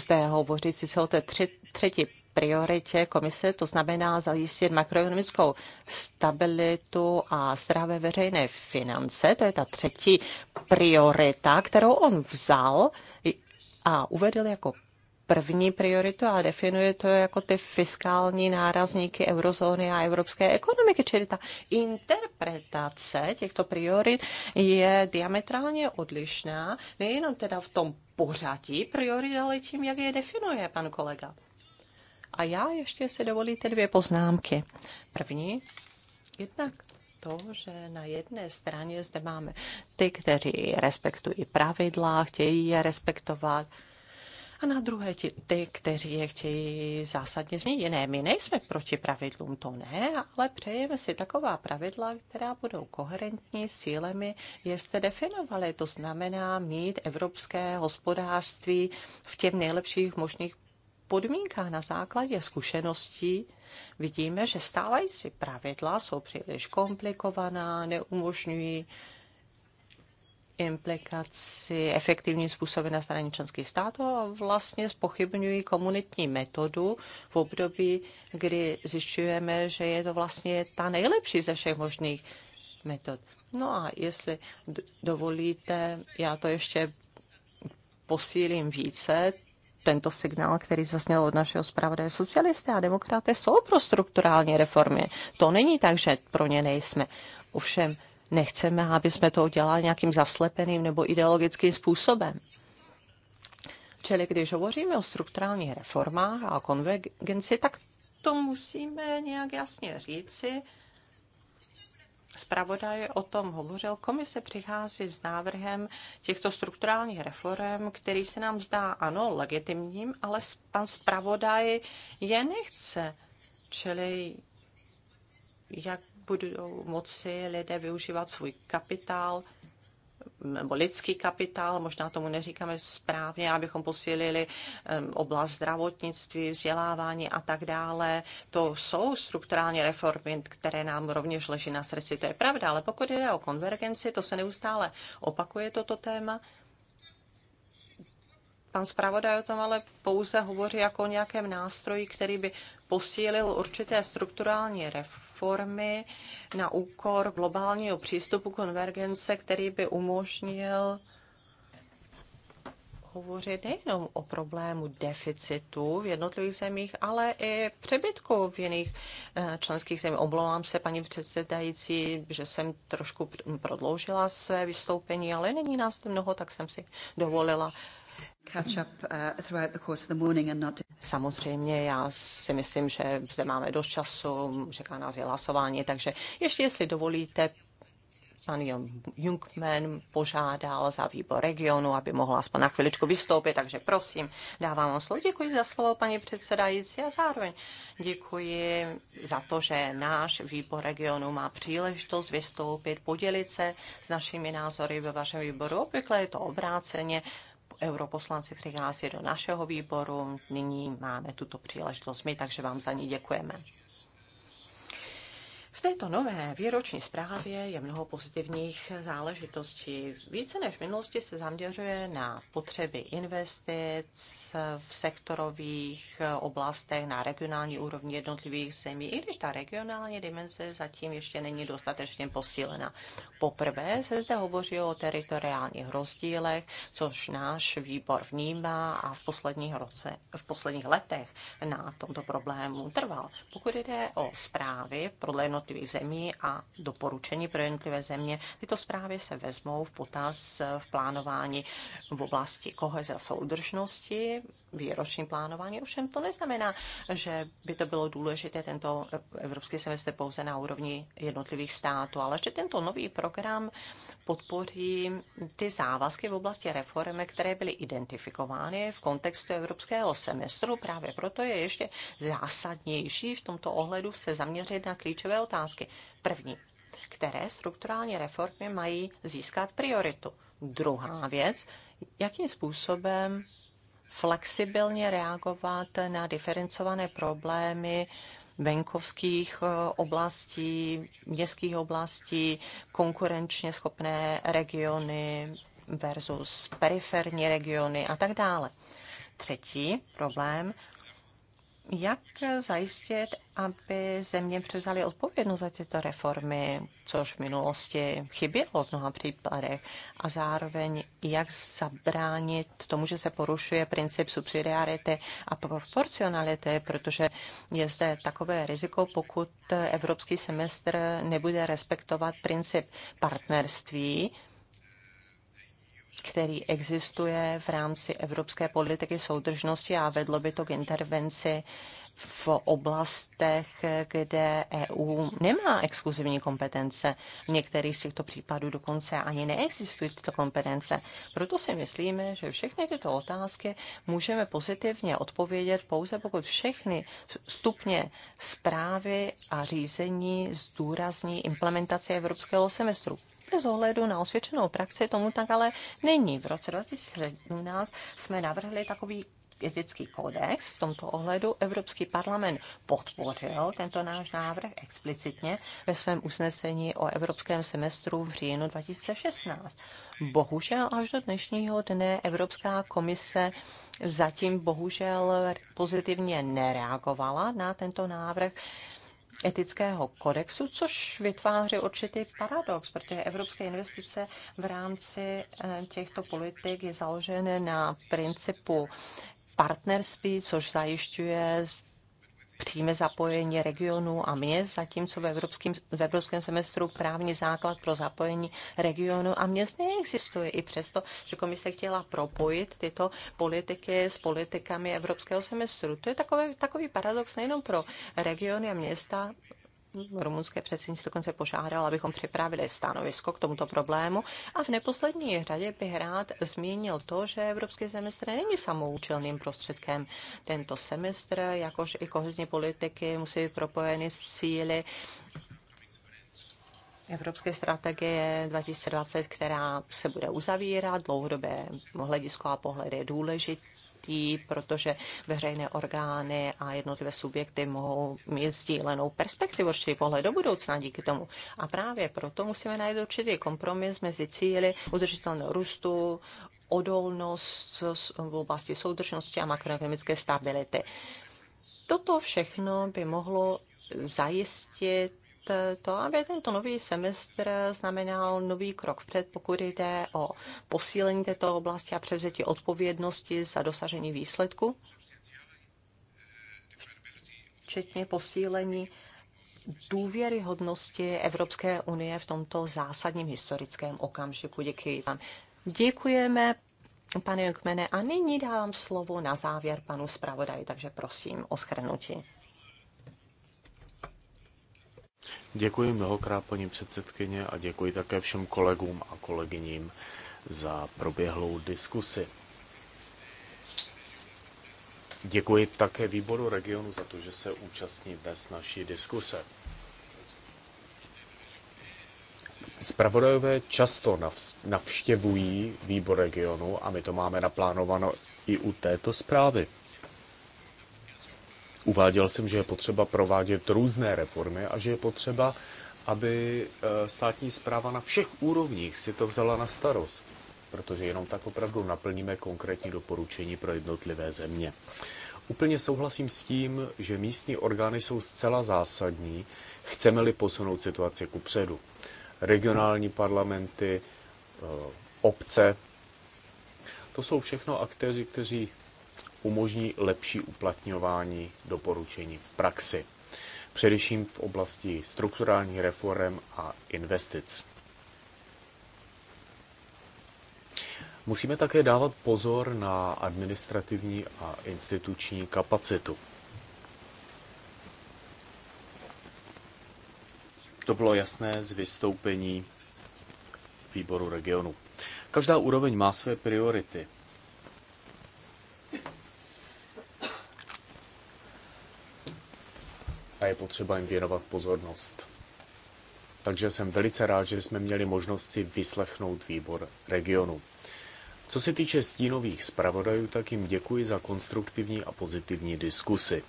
zde hovoří si o té tři, třetí prioritě komise, to znamená zajistit makroekonomickou stabilitu a zdravé veřejné finance. To je ta třetí priorita, kterou on vzal a uvedl jako první prioritu a definuje to jako ty fiskální nárazníky eurozóny a evropské ekonomiky. Čili ta interpretace těchto priorit je diametrálně odlišná, nejenom teda v tom pořadí priorit, ale tím, jak je definuje pan kolega. A já ještě si dovolíte dvě poznámky. První, jednak to, že na jedné straně zde máme ty, kteří respektují pravidla, chtějí je respektovat, a na druhé ti, ty, kteří je chtějí zásadně změnit. Ne, my nejsme proti pravidlům, to ne, ale přejeme si taková pravidla, která budou koherentní s cílemi, je jste definovali. To znamená mít evropské hospodářství v těch nejlepších možných podmínkách na základě zkušeností vidíme, že stávající pravidla jsou příliš komplikovaná, neumožňují implikaci efektivním způsobem na straně členských států a vlastně spochybňují komunitní metodu v období, kdy zjišťujeme, že je to vlastně ta nejlepší ze všech možných metod. No a jestli dovolíte, já to ještě posílím více, tento signál, který zasněl od našeho zpravodaje. Socialisté a demokraté jsou pro strukturální reformy. To není tak, že pro ně nejsme. Ovšem, Nechceme, aby jsme to udělali nějakým zaslepeným nebo ideologickým způsobem. Čili když hovoříme o strukturálních reformách a konvergenci, tak to musíme nějak jasně říci. Spravodaj o tom hovořil. Komise přichází s návrhem těchto strukturálních reform, který se nám zdá, ano, legitimním, ale pan spravodaj je nechce. Čili jak budou moci lidé využívat svůj kapitál, nebo lidský kapitál, možná tomu neříkáme správně, abychom posílili oblast zdravotnictví, vzdělávání a tak dále. To jsou strukturální reformy, které nám rovněž leží na srdci, to je pravda, ale pokud jde o konvergenci, to se neustále opakuje toto téma. Pan zpravodaj o tom ale pouze hovoří jako o nějakém nástroji, který by posílil určité strukturální reformy reformy na úkor globálního přístupu konvergence, který by umožnil hovořit nejenom o problému deficitu v jednotlivých zemích, ale i přebytku v jiných eh, členských zemích. Omlouvám se, paní předsedající, že jsem trošku prodloužila své vystoupení, ale není nás mnoho, tak jsem si dovolila Uh, Samozřejmě, já si myslím, že zde máme dost času, čeká nás je hlasování, takže ještě, jestli dovolíte, pan Jungman požádal za výbor regionu, aby mohla aspoň na chviličku vystoupit, takže prosím, dávám vám slovo. Děkuji za slovo, paní předsedající, a zároveň děkuji za to, že náš výbor regionu má příležitost vystoupit, podělit se s našimi názory ve vašem výboru. Obvykle je to obráceně, europoslanci přihlásit do našeho výboru. Nyní máme tuto příležitost my, takže vám za ní děkujeme. V této nové výroční zprávě je mnoho pozitivních záležitostí. Více než v minulosti se zaměřuje na potřeby investic v sektorových oblastech na regionální úrovni jednotlivých zemí, i když ta regionální dimenze zatím ještě není dostatečně posílena. Poprvé se zde hovoří o teritoriálních rozdílech, což náš výbor vnímá a v posledních, roce, v posledních letech na tomto problému trval. Pokud jde o zprávy podle jednotlivých zemí a doporučení pro jednotlivé země. Tyto zprávy se vezmou v potaz v plánování v oblasti koheze a soudržnosti výroční plánování. Ovšem to neznamená, že by to bylo důležité tento evropský semestr pouze na úrovni jednotlivých států, ale že tento nový program podpoří ty závazky v oblasti reformy, které byly identifikovány v kontextu evropského semestru. Právě proto je ještě zásadnější v tomto ohledu se zaměřit na klíčové otázky. První, které strukturální reformy mají získat prioritu. Druhá věc, jakým způsobem flexibilně reagovat na diferencované problémy venkovských eh, oblastí, městských oblastí, konkurenčně schopné regiony versus periferní regiony a tak dále. Třetí problém jak zajistit, aby země převzaly odpovědnost za tyto reformy, což v minulosti chybělo v mnoha případech, a zároveň jak zabránit tomu, že se porušuje princip subsidiarity a proporcionality, protože je zde takové riziko, pokud evropský semestr nebude respektovat princip partnerství, který existuje v rámci evropské politiky soudržnosti a vedlo by to k intervenci v oblastech, kde EU nemá exkluzivní kompetence. V některých z těchto případů dokonce ani neexistují tyto kompetence. Proto si myslíme, že všechny tyto otázky můžeme pozitivně odpovědět pouze pokud všechny stupně zprávy a řízení zdůrazní implementaci evropského semestru. Bez ohledu na osvědčenou praxi tomu tak ale není. V roce 2017 jsme navrhli takový etický kodex. V tomto ohledu Evropský parlament podpořil tento náš návrh explicitně ve svém usnesení o evropském semestru v říjnu 2016. Bohužel až do dnešního dne Evropská komise zatím bohužel pozitivně nereagovala na tento návrh etického kodexu, což vytváří určitý paradox, protože evropské investice v rámci eh, těchto politik je založené na principu partnerství, což zajišťuje přímé zapojení regionu a měst, zatímco v evropském, v evropském semestru právní základ pro zapojení regionu a měst neexistuje. I přesto, že komise chtěla propojit tyto politiky s politikami evropského semestru. To je takový, takový paradox nejenom pro regiony a města, Mm-hmm. rumunské předsednictví dokonce požádalo, abychom připravili stanovisko k tomuto problému. A v neposlední řadě bych rád zmínil to, že evropský semestr není samoučelným prostředkem. Tento semestr, jakož i kohezní politiky, musí být propojeny s síly Evropské strategie 2020, která se bude uzavírat, dlouhodobé hledisko a pohled je důležitý důležitý, protože veřejné orgány a jednotlivé subjekty mohou mít sdílenou perspektivu, určitý pohled do budoucna díky tomu. A právě proto musíme najít určitý kompromis mezi cíly udržitelného růstu, odolnost v oblasti soudržnosti a makroekonomické stability. Toto všechno by mohlo zajistit to, aby tento nový semestr znamenal nový krok vpřed, pokud jde o posílení této oblasti a převzetí odpovědnosti za dosažení výsledku, včetně posílení důvěryhodnosti Evropské unie v tomto zásadním historickém okamžiku. Děkuji vám. Děkujeme, pane Jungmene, a nyní dávám slovo na závěr panu zpravodaji, takže prosím o schrnutí. Děkuji mnohokrát, paní předsedkyně, a děkuji také všem kolegům a kolegyním za proběhlou diskusi. Děkuji také výboru regionu za to, že se účastní dnes naší diskuse. Spravodajové často navštěvují výbor regionu a my to máme naplánováno i u této zprávy. Uváděl jsem, že je potřeba provádět různé reformy a že je potřeba, aby eh, státní zpráva na všech úrovních si to vzala na starost, protože jenom tak opravdu naplníme konkrétní doporučení pro jednotlivé země. Úplně souhlasím s tím, že místní orgány jsou zcela zásadní, chceme-li posunout situaci ku předu. Regionální parlamenty, eh, obce, to jsou všechno aktéři, kteří umožní lepší uplatňování doporučení v praxi, především v oblasti strukturálních reform a investic. Musíme také dávat pozor na administrativní a instituční kapacitu. To bylo jasné z vystoupení výboru regionu. Každá úroveň má své priority je potřeba jim věnovat pozornost. Takže jsem velice rád, že jsme měli možnost si vyslechnout výbor regionu. Co se týče stínových zpravodajů, tak jim děkuji za konstruktivní a pozitivní diskusy.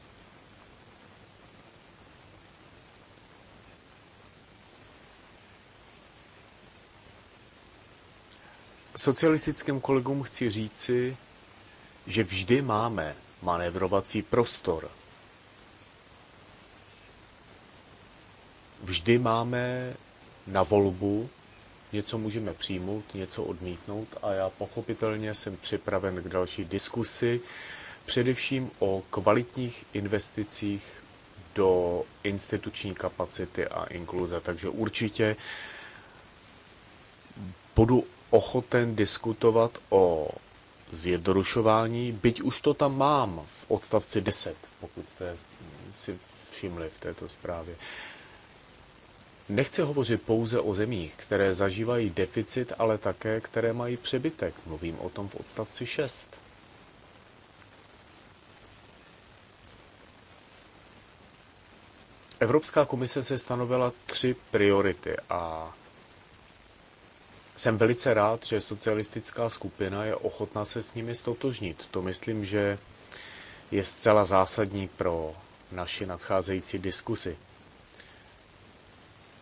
Socialistickým kolegům chci říci, že vždy máme manévrovací prostor – vždy máme na volbu, něco můžeme přijmout, něco odmítnout a já pochopitelně jsem připraven k další diskusi, především o kvalitních investicích do instituční kapacity a inkluze. Takže určitě budu ochoten diskutovat o zjednodušování, byť už to tam mám v odstavci 10, pokud jste si všimli v této zprávě. Nechci hovořit pouze o zemích, které zažívají deficit, ale také, které mají přebytek. Mluvím o tom v odstavci 6. Evropská komise se stanovila tři priority a jsem velice rád, že socialistická skupina je ochotná se s nimi stotožnit. To myslím, že je zcela zásadní pro naši nadcházející diskusy.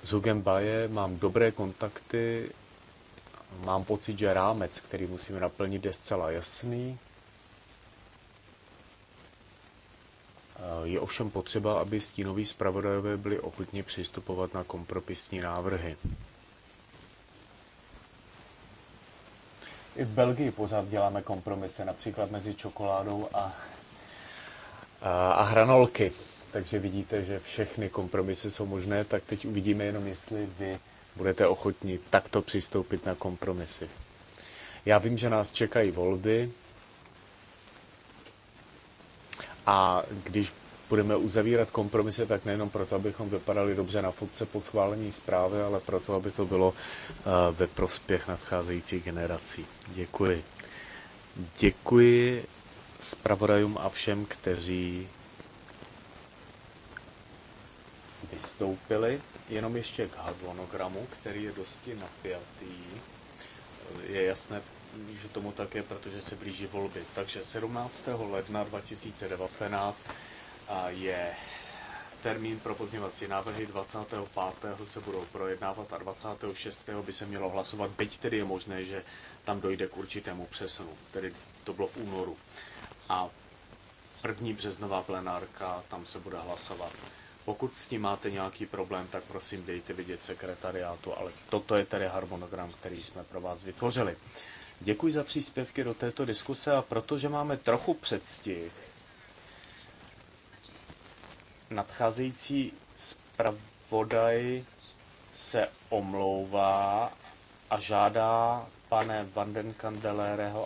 S Hugem Baje mám dobré kontakty, mám pocit, že rámec, který musíme naplnit, je zcela jasný. Eh, je ovšem potřeba, aby stínoví zpravodajové byli ochotni přistupovat na kompromisní návrhy. I v Belgii pořád děláme kompromisy, například mezi čokoládou a, a, eh, a hranolky takže vidíte, že všechny kompromisy jsou možné, tak teď uvidíme jenom, jestli vy budete ochotni takto přistoupit na kompromisy. Já vím, že nás čekají volby a když budeme uzavírat kompromisy, tak nejenom proto, abychom vypadali dobře na fotce po schválení zprávy, ale proto, aby to bylo eh, ve prospěch nadcházejících generací. Děkuji. Děkuji zpravodajům a všem, kteří vystoupili. Jenom ještě k harmonogramu, který je dosti napjatý. Je jasné, že tomu tak je, protože se blíží volby. Takže 17. ledna 2019 je termín pro pozněvací návrhy, 25. se budou projednávat a 26. by se mělo hlasovat, byť tedy je možné, že tam dojde k určitému přesunu, tedy to bylo v únoru. A první březnová plenárka, tam se bude hlasovat. Pokud s tím máte nějaký problém, tak prosím dejte vidět sekretariátu, ale toto je tedy harmonogram, který jsme pro vás vytvořili. Děkuji za příspěvky do této diskuse a protože máme trochu předstih, nadcházející zpravodaj se omlouvá a žádá pane Vanden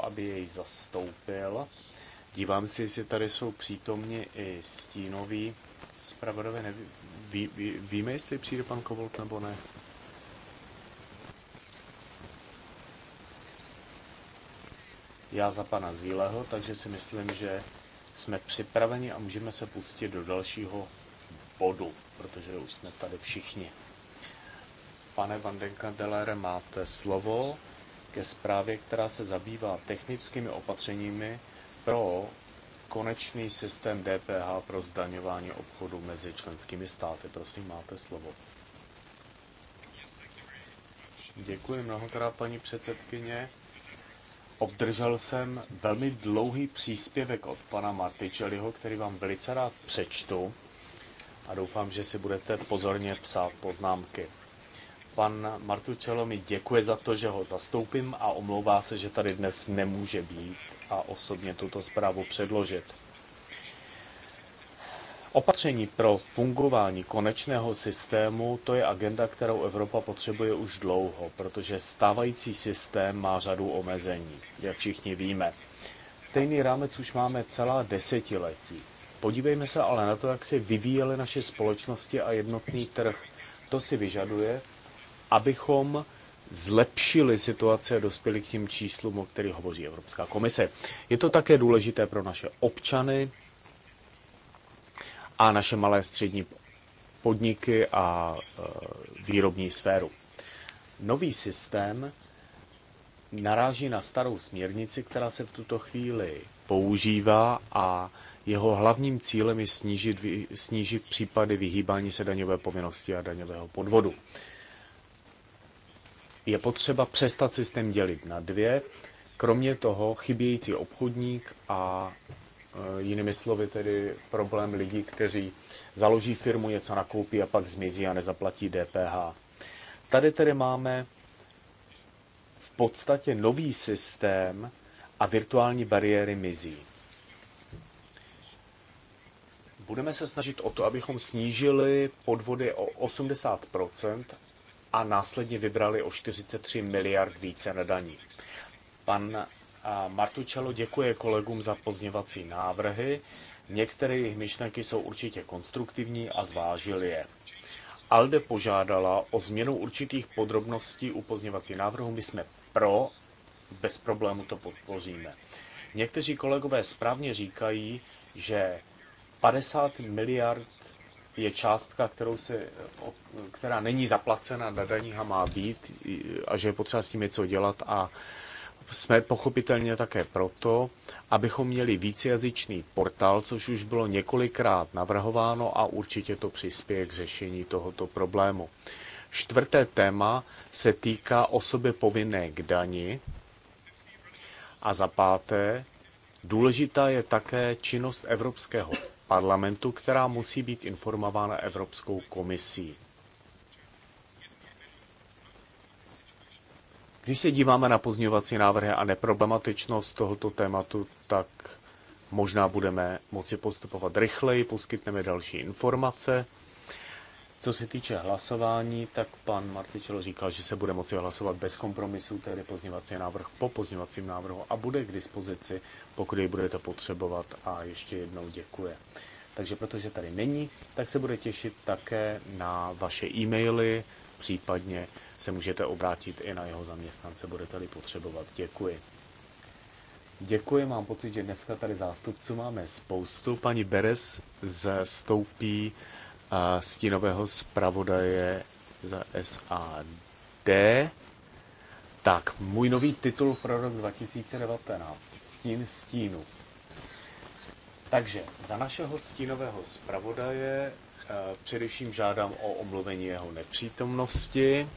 aby jej zastoupil. Dívám si, jestli tady jsou přítomni i stínoví Zpravodovi neví, ví, ví, víme, jestli přijde pan Kovolt nebo ne. Já za pana Zíleho, takže si myslím, že jsme připraveni a můžeme se pustit do dalšího bodu, protože už jsme tady všichni. Pane Vandenka Delere, máte slovo ke zprávě, která se zabývá technickými opatřeními pro konečný systém DPH pro zdaňování obchodu mezi členskými státy. Prosím, máte slovo. Děkuji mnohokrát, paní předsedkyně. Obdržel jsem velmi dlouhý příspěvek od pana Martičeliho, který vám velice rád přečtu a doufám, že si budete pozorně psát poznámky. Pan Martučelo mi děkuje za to, že ho zastoupím a omlouvá se, že tady dnes nemůže být a osobně tuto zprávu předložit. Opatření pro fungování konečného systému, to je agenda, kterou Evropa potřebuje už dlouho, protože stávající systém má řadu omezení, jak všichni víme. Stejný rámec už máme celá desetiletí. Podívejme se ale na to, jak se vyvíjely naše společnosti a jednotný trh. To si vyžaduje, abychom zlepšili situaci a dospěli k tím číslům, o kterých hovoří Evropská komise. Je to také důležité pro naše občany a naše malé střední podniky a e, výrobní sféru. Nový systém naráží na starou směrnici, která se v tuto chvíli používá a jeho hlavním cílem je snížit, snížit případy vyhýbání se daňové povinnosti a daňového podvodu je potřeba přestat systém dělit na dvě. Kromě toho chybějící obchodník a e, jinými slovy tedy problém lidí, kteří založí firmu, něco nakoupí a pak zmizí a nezaplatí DPH. Tady tedy máme v podstatě nový systém a virtuální bariéry mizí. Budeme se snažit o to, abychom snížili podvody o 80 a následně vybrali o 43 miliard více na daní. Pan Martučelo děkuje kolegům za pozněvací návrhy. Některé jejich myšlenky jsou určitě konstruktivní a zvážili je. ALDE požádala o změnu určitých podrobností u pozněvací návrhu. My jsme pro, bez problému to podpoříme. Někteří kolegové správně říkají, že 50 miliard je částka, kterou si, která není zaplacena na daních a má být a že je potřeba s tím něco dělat a jsme pochopitelně také proto, abychom měli vícejazyčný portál, což už bylo několikrát navrhováno a určitě to přispěje k řešení tohoto problému. Čtvrté téma se týká osoby povinné k dani. A za páté, důležitá je také činnost Evropského parlamentu, která musí být informována Evropskou komisí. Když se díváme na pozňovací návrhy a neproblematičnost tohoto tématu, tak možná budeme moci postupovat rychleji, poskytneme další informace co se týče hlasování, tak pan Martičel říkal, že se bude moci hlasovat bez kompromisu, tedy pozněvací návrh po pozněvacím návrhu a bude k dispozici, pokud jej budete potřebovat a ještě jednou děkuje. Takže protože tady není, tak se bude těšit také na vaše e-maily, případně se můžete obrátit i na jeho zaměstnance, budete-li potřebovat. Děkuji. Děkuji, mám pocit, že dneska tady zástupců máme spoustu. Paní Beres zastoupí stínového zpravodaje za SAD. Tak, můj nový titul pro rok 2019. Stín stínu. Takže za našeho stínového zpravodaje eh, především žádám o omluvení jeho nepřítomnosti.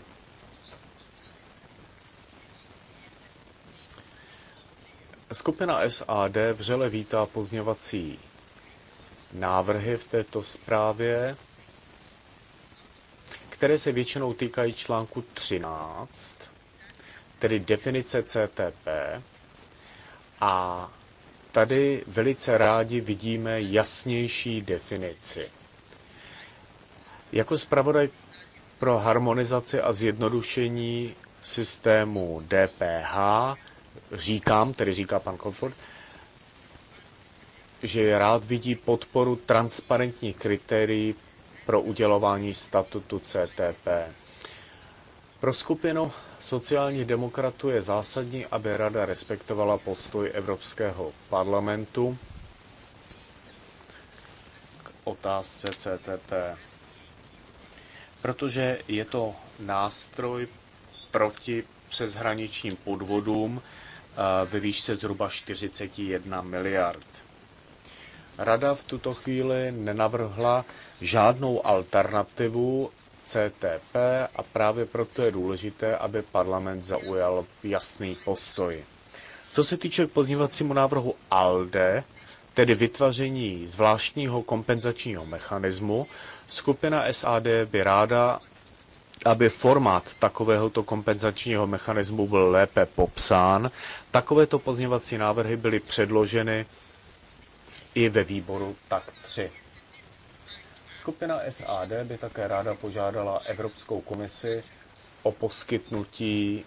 Skupina SAD vřele vítá pozněvací návrhy v této zprávě, které se většinou týkají článku 13, tedy definice CTP. A tady velice rádi vidíme jasnější definici. Jako zpravodaj pro harmonizaci a zjednodušení systému DPH říkám, tedy říká pan Komfort, že rád vidí podporu transparentních kritérií pro udělování statutu CTP. Pro skupinu sociálních demokratů je zásadní, aby Rada respektovala postoj Evropského parlamentu k otázce CTP, protože je to nástroj proti přeshraničním podvodům eh, ve výšce zhruba 41 miliard. Rada v tuto chvíli nenavrhla žádnou alternativu CTP a právě proto je důležité, aby parlament zaujal jasný postoj. Co se týče pozněvacímu návrhu ALDE, tedy vytvoření zvláštního kompenzačního mechanismu, skupina SAD by ráda, aby formát takovéhoto kompenzačního mechanismu byl lépe popsán. Takovéto pozněvací návrhy byly předloženy i ve výboru tak 3. Skupina SAD by také ráda požádala Evropskou komisi o poskytnutí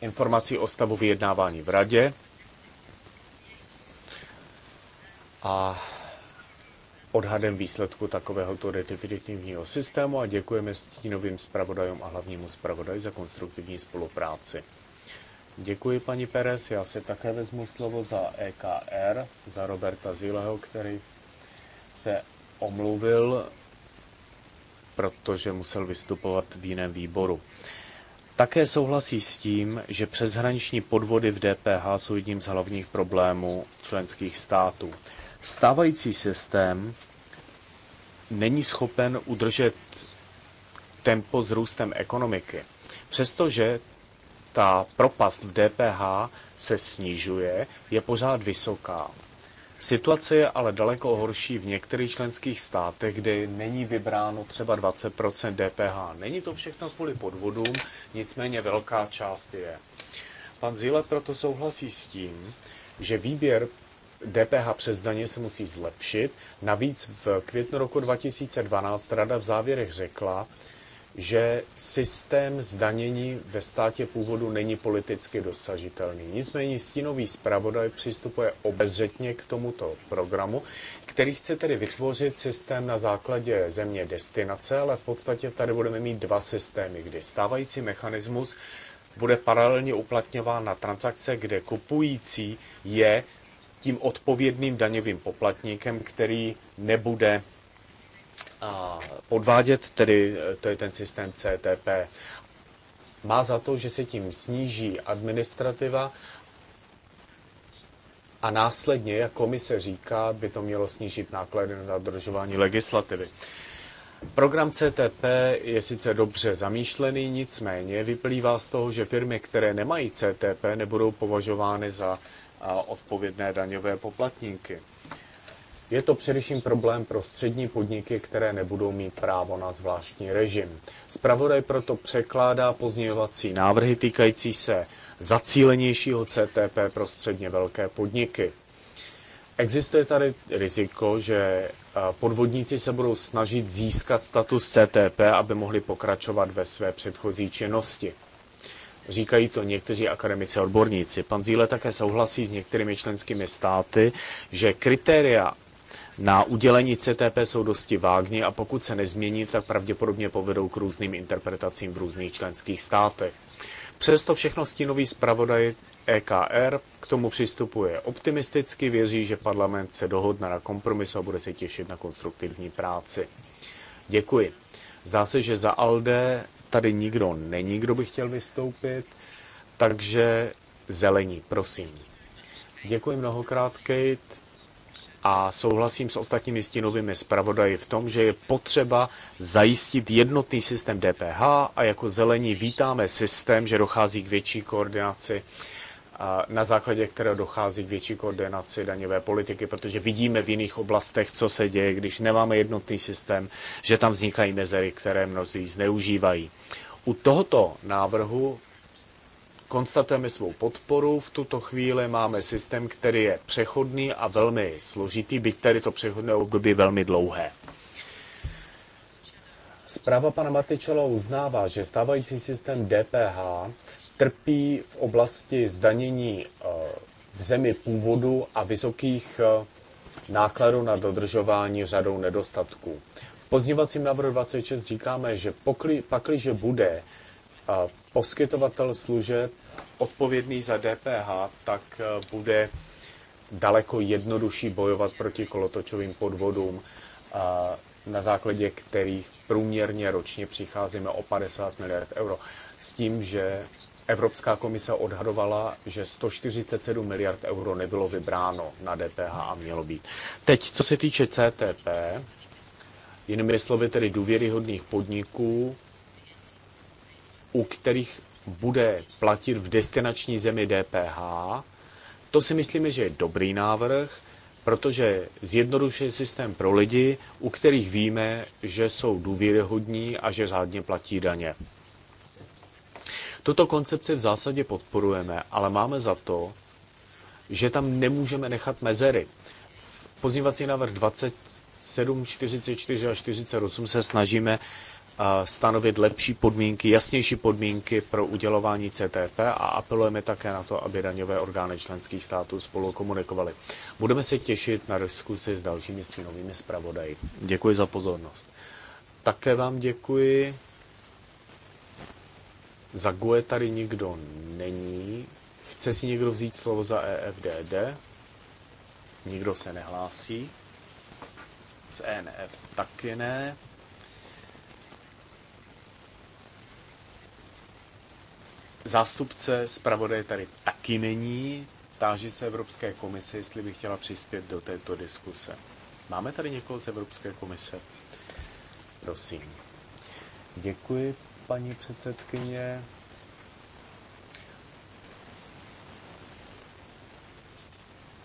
informací o stavu vyjednávání v Radě a odhadem výsledku takovéhoto definitivního systému a děkujeme stínovým zpravodajům a hlavnímu zpravodaji za konstruktivní spolupráci. Děkuji, paní Perez. Já se také vezmu slovo za EKR, za Roberta Zileho, který se omluvil, protože musel vystupovat v jiném výboru. Také souhlasí s tím, že přeshraniční podvody v DPH jsou jedním z hlavních problémů členských států. Stávající systém není schopen udržet tempo s růstem ekonomiky. Přestože ta propast v DPH se snižuje, je pořád vysoká. Situace je ale daleko horší v některých členských státech, kde není vybráno třeba 20 DPH. Není to všechno kvůli podvodům, nicméně velká část je. Pan Zile proto souhlasí s tím, že výběr DPH přes daně se musí zlepšit. Navíc v květnu roku 2012 rada v závěrech řekla, že systém zdanění ve státě původu není politicky dosažitelný. Nicméně stínový zpravodaj přistupuje obezřetně k tomuto programu, který chce tedy vytvořit systém na základě země destinace, ale v podstatě tady budeme mít dva systémy, kdy stávající mechanismus bude paralelně uplatňován na transakce, kde kupující je tím odpovědným daňovým poplatníkem, který nebude odvádět, tedy eh, to je ten systém CTP. Má za to, že se tím sníží administrativa a následně, jak komise říká, by to mělo snížit náklady na dodržování legislativy. Program CTP je sice dobře zamýšlený, nicméně vyplývá z toho, že firmy, které nemají CTP, nebudou považovány za odpovědné daňové poplatníky. Je to především problém pro střední podniky, které nebudou mít právo na zvláštní režim. Spravodaj proto překládá pozměňovací návrhy týkající se zacílenějšího CTP pro středně velké podniky. Existuje tady riziko, že eh, podvodníci se budou snažit získat status CTP, aby mohli pokračovat ve své předchozí činnosti. Říkají to někteří akademici a odborníci. Pan Zíle také souhlasí s některými členskými státy, že kritéria na udělení CTP jsou dosti vágní a pokud se nezmění, tak pravděpodobně povedou k různým interpretacím v různých členských státech. Přesto všechno stínový zpravodaj EKR k tomu přistupuje optimisticky, věří, že parlament se dohodne na kompromisu a bude se těšit na konstruktivní práci. Děkuji. Zdá se, že za ALDE tady nikdo není, kdo by chtěl vystoupit, takže zelení, prosím. Děkuji mnohokrát, Kate a souhlasím s ostatními stínovými zpravodaji v tom, že je potřeba zajistit jednotný systém DPH a jako zelení vítáme systém, že dochází k větší koordinaci na základě kterého dochází k větší koordinaci daňové politiky, protože vidíme v jiných oblastech, co se děje, když nemáme jednotný systém, že tam vznikají mezery, které mnozí zneužívají. U tohoto návrhu Konstatujeme svou podporu. V tuto chvíli máme systém, který je přechodný a velmi složitý, byť tedy to přechodné období velmi dlouhé. Zpráva pana Martičela uznává, že stávající systém DPH trpí v oblasti zdanění eh, v zemi původu a vysokých eh, nákladů na dodržování řadou nedostatků. V pozněvacím návrhu 26 říkáme, že pakliže bude poskytovatel služeb odpovědný za DPH, tak eh, bude daleko jednodušší bojovat proti kolotočovým podvodům, na základě kterých průměrně ročně přicházíme o 50 miliard euro. S tím, že Evropská komise odhadovala, že 147 miliard euro nebylo vybráno na DPH a mělo být. Teď, co se týče CTP, jinými slovy tedy důvěryhodných podniků, u kterých bude platit v destinační zemi DPH. To si myslíme, že je dobrý návrh, protože zjednodušuje systém pro lidi, u kterých víme, že jsou důvěryhodní a že řádně platí daně. Tuto koncepci v zásadě podporujeme, ale máme za to, že tam nemůžeme nechat mezery. Pozněvací návrh 27, 44 a 48 se snažíme stanovit lepší podmínky, jasnější podmínky pro udělování CTP a apelujeme také na to, aby daňové orgány členských států spolu komunikovaly. Budeme se těšit na diskusi s dalšími stínovými zpravodaji. Děkuji za pozornost. Také vám děkuji. Za GUE tady nikdo není. Chce si někdo vzít slovo za EFDD? Nikdo se nehlásí. Z ENF taky ne. Zástupce zpravodaje tady taky není. Táží se Evropské komise, jestli by chtěla přispět do této diskuse. Máme tady někoho z Evropské komise? Prosím. Děkuji, paní předsedkyně.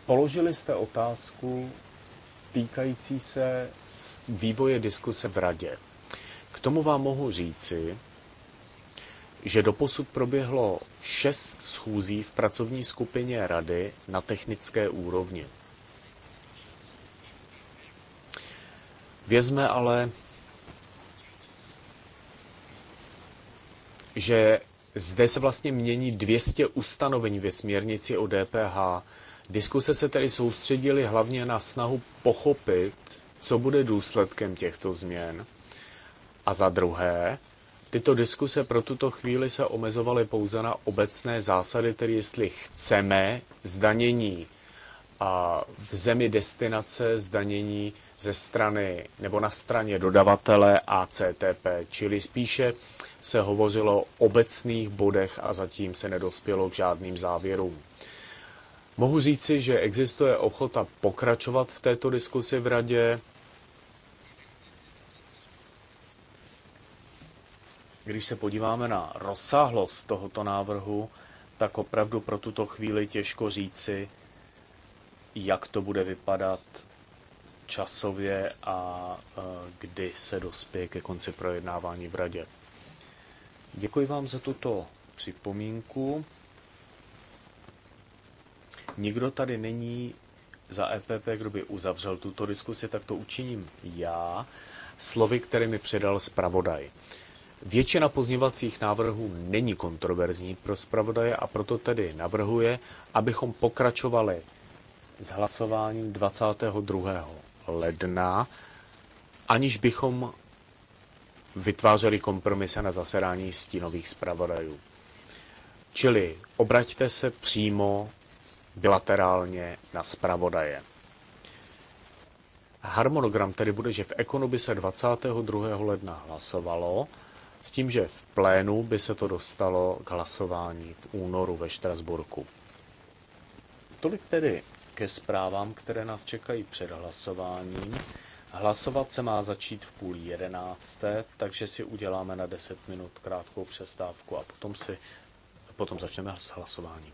Položili jste otázku týkající se vývoje diskuse v radě. K tomu vám mohu říci, že doposud proběhlo šest schůzí v pracovní skupině Rady na technické úrovni. Vězme ale, že zde se vlastně mění 200 ustanovení ve směrnici o DPH. Diskuse se tedy soustředily hlavně na snahu pochopit, co bude důsledkem těchto změn. A za druhé, Tyto diskuse pro tuto chvíli se omezovaly pouze na obecné zásady, tedy jestli chceme zdanění a v zemi destinace zdanění ze strany nebo na straně dodavatele ACTP, čili spíše se hovořilo o obecných bodech a zatím se nedospělo k žádným závěrům. Mohu říci, že existuje ochota pokračovat v této diskusi v radě, Když se podíváme na rozsáhlost tohoto návrhu, tak opravdu pro tuto chvíli těžko říci, jak to bude vypadat časově a e, kdy se dospěje ke konci projednávání v radě. Děkuji vám za tuto připomínku. Nikdo tady není za EPP, kdo by uzavřel tuto diskusi, tak to učiním já, slovy, které mi předal zpravodaj. Většina pozměňovacích návrhů není kontroverzní pro zpravodaje, a proto tedy navrhuje, abychom pokračovali s hlasováním 22. ledna, aniž bychom vytvářeli kompromise na zasedání stínových zpravodajů. Čili obraťte se přímo bilaterálně na zpravodaje. Harmonogram tedy bude, že v ekonomice se 22. ledna hlasovalo, s tím, že v plénu by se to dostalo k hlasování v únoru ve Štrasburku. Tolik tedy ke zprávám, které nás čekají před hlasováním. Hlasovat se má začít v půl jedenácté, takže si uděláme na 10 minut krátkou přestávku a potom, si, potom začneme s hlasováním.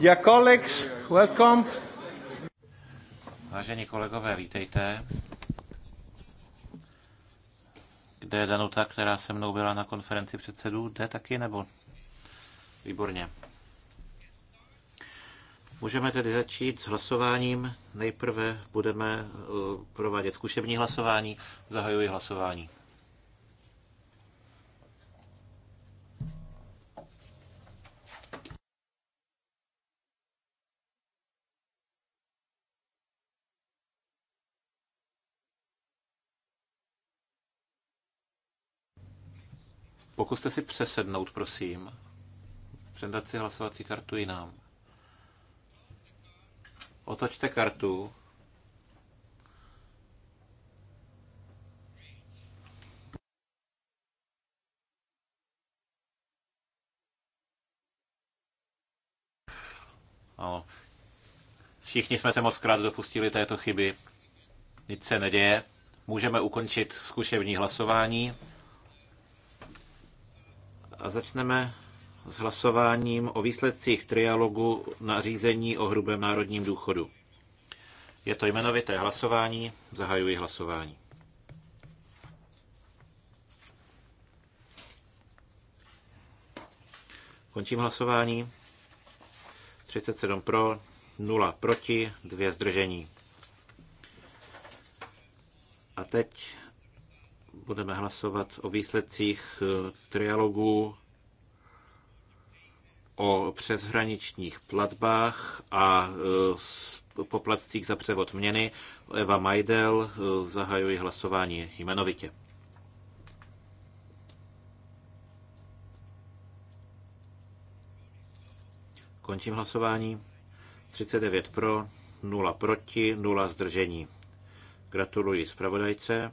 Dear colleagues, welcome. Vážení kolegové, vítejte. Kde je Danuta, která se mnou byla na konferenci předsedů? Jde taky nebo? Výborně. Můžeme tedy začít s hlasováním. Nejprve budeme eh, provádět zkušební hlasování. Zahajuji hlasování. Pokuste si přesednout, prosím. Předat si hlasovací kartu jinám. Otočte kartu. Ano. Všichni jsme se moc krát dopustili této chyby. Nic se neděje. Můžeme ukončit zkušební hlasování. A začneme s hlasováním o výsledcích trialogu na řízení o hrubém národním důchodu. Je to jmenovité hlasování, zahajuji hlasování. Končím hlasování. 37 pro, 0 proti, 2 zdržení. A teď budeme hlasovat o výsledcích eh, trialogů o přeshraničních platbách a eh, poplatcích za převod měny. Eva Majdel, eh, zahajuji hlasování jmenovitě. Končím hlasování. 39 pro, 0 proti, 0 zdržení. Gratuluji zpravodajce.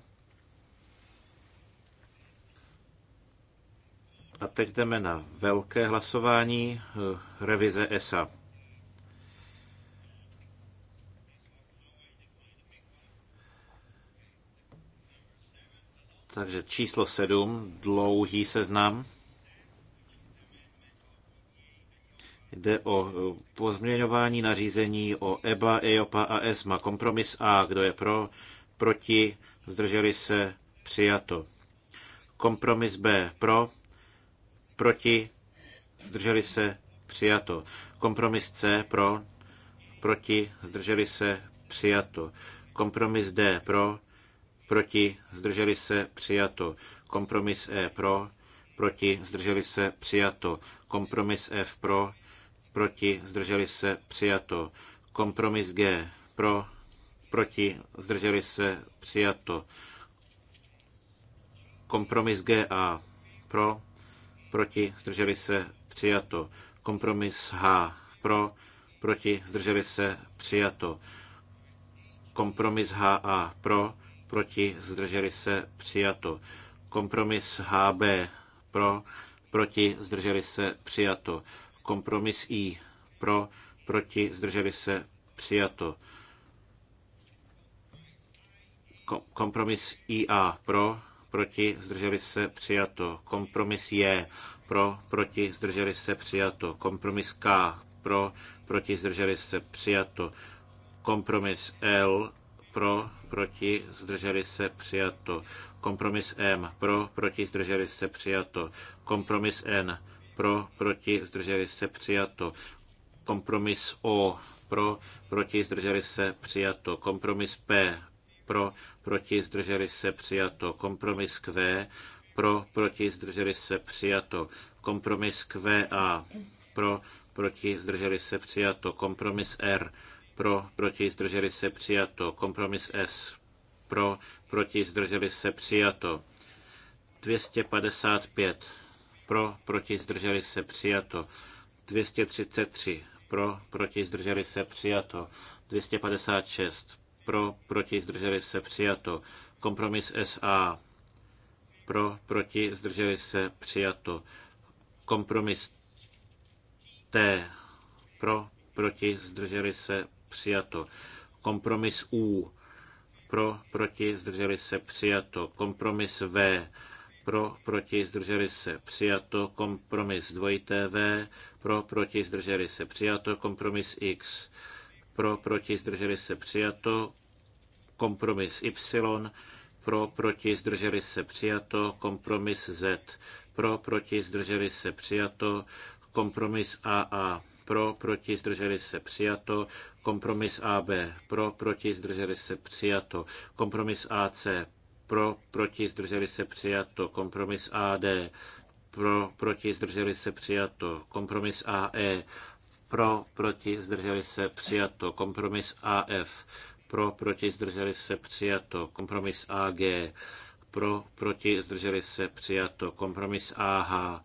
A teď jdeme na velké hlasování eh, revize ESA. Takže číslo 7, dlouhý seznam. Jde o eh, pozměňování nařízení o EBA, EOPA a ESMA. E Kompromis A, kdo je pro, proti, zdrželi se, přijato. Kompromis B, pro, proti, zdrželi se, přijato. Kompromis C pro, proti, zdrželi se, přijato. Kompromis D pro, proti, zdrželi se, přijato. Kompromis E pro, proti, zdrželi se, přijato. Kompromis F pro, proti, zdrželi se, přijato. Kompromis G pro, proti, zdrželi se, přijato. Kompromis GA pro, proti, zdrželi se, přijato. Kompromis H pro, proti, zdrželi se, přijato. Kompromis H a pro, proti, zdrželi se, přijato. Kompromis HB pro, proti, zdrželi se, přijato. Kompromis I pro, proti, zdrželi se, přijato. Kompromis IA pro, proti, zdrželi se, přijato. Kompromis je pro, proti, zdrželi se, přijato. Kompromis K, pro, proti, zdrželi se, přijato. Kompromis L, pro, proti, zdrželi se, přijato. Kompromis M, pro, proti, zdrželi se, přijato. Kompromis N, pro, proti, zdrželi se, přijato. Kompromis O, pro, proti, zdrželi se, přijato. Kompromis P, pro, proti, zdrželi se, přijato. Kompromis Q, pro, proti, zdrželi se, přijato. Kompromis a pro, proti, zdrželi se, přijato. Kompromis R, pro, proti, zdrželi se, přijato. Kompromis S, pro, proti, zdrželi se, přijato. 255, pro, proti, zdrželi se, přijato. 233, pro, proti, zdrželi se, přijato. 256, pro, proti, zdrželi se, přijato. Kompromis SA, pro, proti, zdrželi se, přijato. Kompromis T, pro, proti, zdrželi se, přijato. Kompromis U, pro, proti, zdrželi se, přijato. Kompromis V, pro, proti, zdrželi se, přijato. Kompromis dvojité V, pro, proti, zdrželi se, přijato. Kompromis X, pro, proti, zdrželi se přijato, kompromis Y, pro, proti, zdrželi se přijato, kompromis Z, pro, proti, zdrželi se přijato, kompromis AA, pro, proti, zdrželi se přijato, kompromis AB, pro, proti, zdrželi se přijato, kompromis AC, pro, proti, zdrželi se přijato, kompromis AD, pro, proti, zdrželi se přijato, kompromis AE, pro, proti, zdrželi se, přijato. Kompromis AF, pro, proti, zdrželi se, přijato. Kompromis AG, pro, proti, zdrželi se, přijato. Kompromis AH,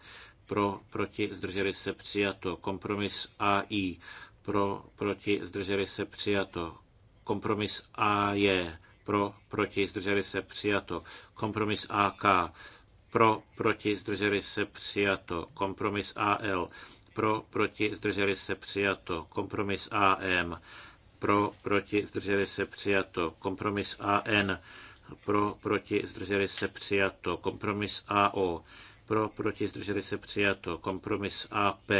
pro, proti, zdrželi se, přijato. Kompromis AI, pro, proti, zdrželi se, přijato. Kompromis AJ, pro, proti, zdrželi se, přijato. Kompromis AK, pro, proti, zdrželi se, přijato. Kompromis AL, pro, proti, zdrželi se, přijato. Kompromis AM, pro, proti, zdrželi se, přijato. Kompromis AN, pro, proti, zdrželi se, přijato. Kompromis AO, pro, proti, zdrželi se, přijato. Kompromis AP,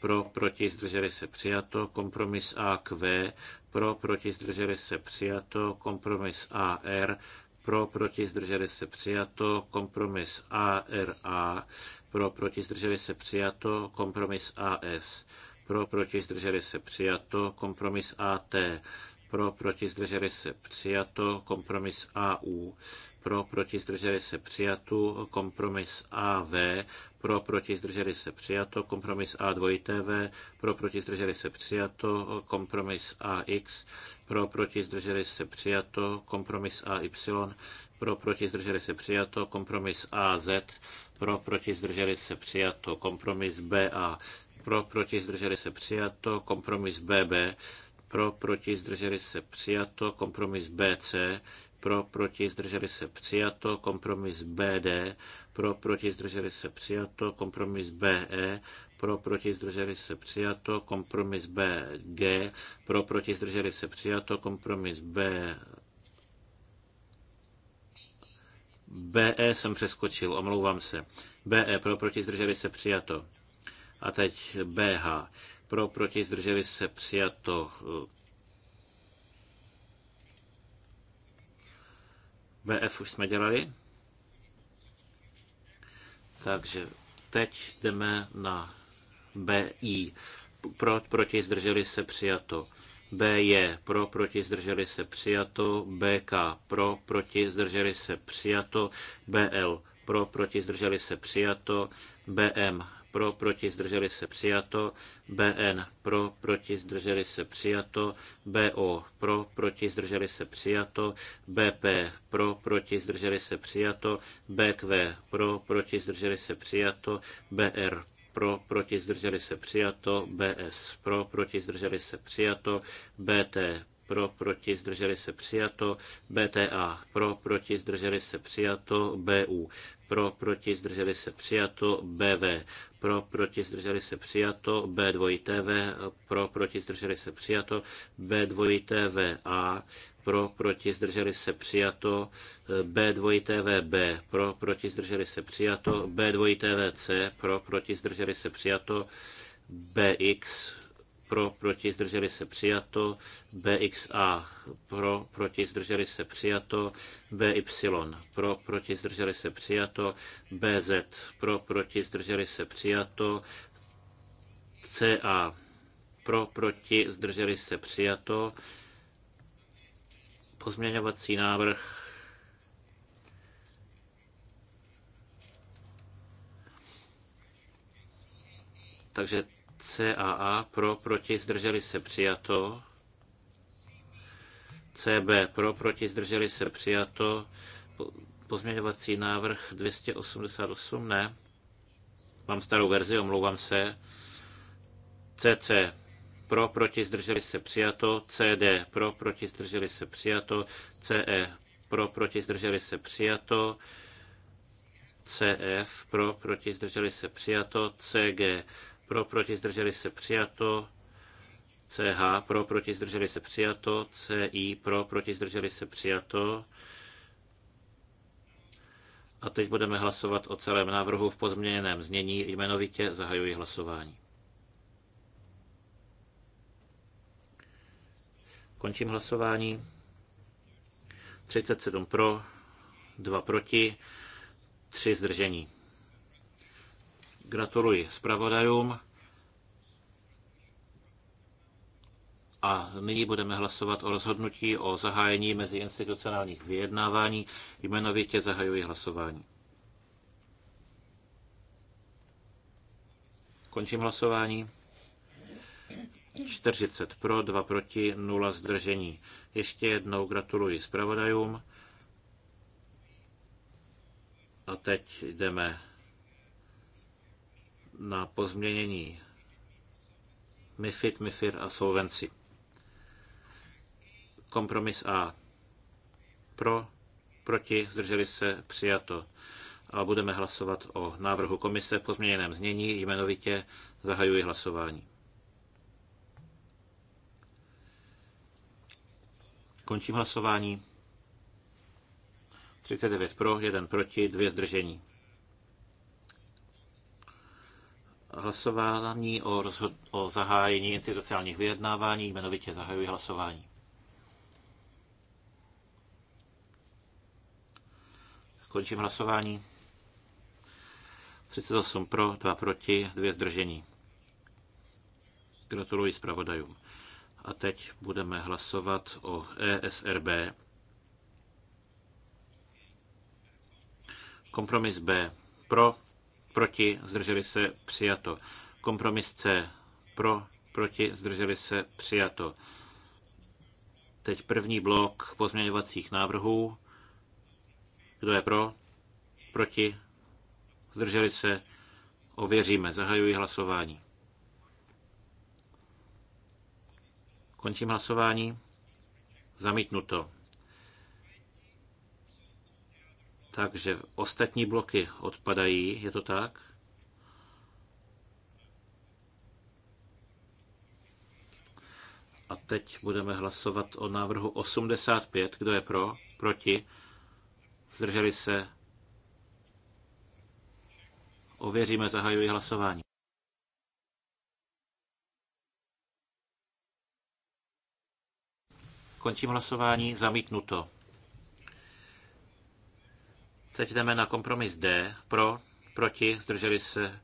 pro, proti, zdrželi se, přijato. Kompromis AQ, pro, proti, zdrželi se, přijato. Kompromis AR, pro, proti, zdrželi se, přijato. Kompromis ARA, pro, proti, zdrželi se přijato, kompromis AS, pro, proti, zdrželi se přijato, kompromis AT, pro, proti, zdrželi se přijato, kompromis AU, pro, proti, zdrželi se přijato, kompromis AV, pro, proti, zdrželi se přijato, kompromis A2TV, pro, proti, zdrželi se přijato, kompromis AX, pro, proti, zdrželi se přijato, kompromis AY, pro, proti, zdrželi se přijato, kompromis AZ, pro, proti, zdrželi se, přijato. Kompromis BA, pro, proti, zdrželi se, přijato. Kompromis BB, pro, proti, zdrželi se, přijato. Kompromis BC, pro, proti, zdrželi se, přijato. Kompromis BD, pro, proti, zdrželi se, přijato. Kompromis BE, pro, proti, zdrželi se, přijato. Kompromis BG, pro, proti, zdrželi se, přijato. Kompromis B BE jsem přeskočil, omlouvám se. BE pro proti zdrželi se přijato. A teď BH. Pro proti zdrželi se přijato. BF e už jsme dělali. Takže teď jdeme na BI. Pro, proti zdrželi se přijato je pro, proti, zdrželi se přijato, BK pro, proti, zdrželi se přijato, BL pro, proti, zdrželi se přijato, BM pro, proti, zdrželi se přijato, BN pro, proti, zdrželi se přijato, BO pro, proti, zdrželi se přijato, BP pro, proti, zdrželi se přijato, BQ pro, proti, zdrželi se přijato, BR pro, proti, zdrželi se přijato, BS pro, proti, zdrželi se přijato, BT pro, proti, zdrželi se přijato, BTA pro, proti, zdrželi se přijato, BU pro, proti, zdrželi se přijato, BV pro, proti, zdrželi se přijato, B2TV pro, proti, zdrželi se přijato, B2TVA pro, proti, zdrželi se přijato, B 2 TVB pro, proti, zdrželi se přijato, B 2 TVC pro, proti, zdrželi se přijato, BX, pro, proti, zdrželi se přijato, BXA, pro, proti, zdrželi se přijato, BY, pro, proti, zdrželi se přijato, BZ, pro, proti, zdrželi se přijato, CA, pro, proti, zdrželi se přijato, Pozměňovací návrh Takže CAA pro, proti, zdrželi se přijato. CB pro, proti, zdrželi se přijato. Pozměňovací návrh 288, ne? Mám starou verzi, omlouvám se. CC pro, proti, zdrželi se přijato, CD, pro, proti, zdrželi se přijato, CE, pro, proti, zdrželi se přijato, CF, pro, proti, zdrželi se přijato, CG, pro, proti, zdrželi se přijato, CH, pro, proti, zdrželi se přijato, CI, pro, proti, zdrželi se přijato. A teď budeme hlasovat o celém návrhu v pozměněném znění, jmenovitě zahajuji hlasování. Končím hlasování. 37 pro, 2 proti, 3 zdržení. Gratuluji zpravodajům. A nyní budeme hlasovat o rozhodnutí o zahájení meziinstitucionálních vyjednávání. Jmenovitě zahajuji hlasování. Končím hlasování. 40 pro, 2 proti, 0 zdržení. Ještě jednou gratuluji zpravodajům. A teď jdeme na pozměnění MIFID, MIFIR a Solvency. Kompromis A. Pro, proti, zdrželi se, přijato. A budeme hlasovat o návrhu komise v pozměněném znění, jmenovitě zahajuji hlasování. Končím hlasování. 39 pro, 1 proti, 2 zdržení. Hlasování o, rozhod- o zahájení institucionálních vyjednávání, jmenovitě zahajuji hlasování. Končím hlasování. 38 pro, 2 proti, 2 zdržení. Gratuluji zpravodajům. A teď budeme hlasovat o ESRB. Kompromis B. Pro, proti, zdrželi se, přijato. Kompromis C. Pro, proti, zdrželi se, přijato. Teď první blok pozměňovacích návrhů. Kdo je pro? Proti? Zdrželi se? Ověříme. Zahajuji hlasování. Končím hlasování. Zamítnuto. Takže ostatní bloky odpadají, je to tak? A teď budeme hlasovat o návrhu 85. Kdo je pro? Proti? Zdrželi se? Ověříme, zahajuji hlasování. Končím hlasování. Zamítnuto. Teď jdeme na kompromis D. Pro, proti, zdrželi se,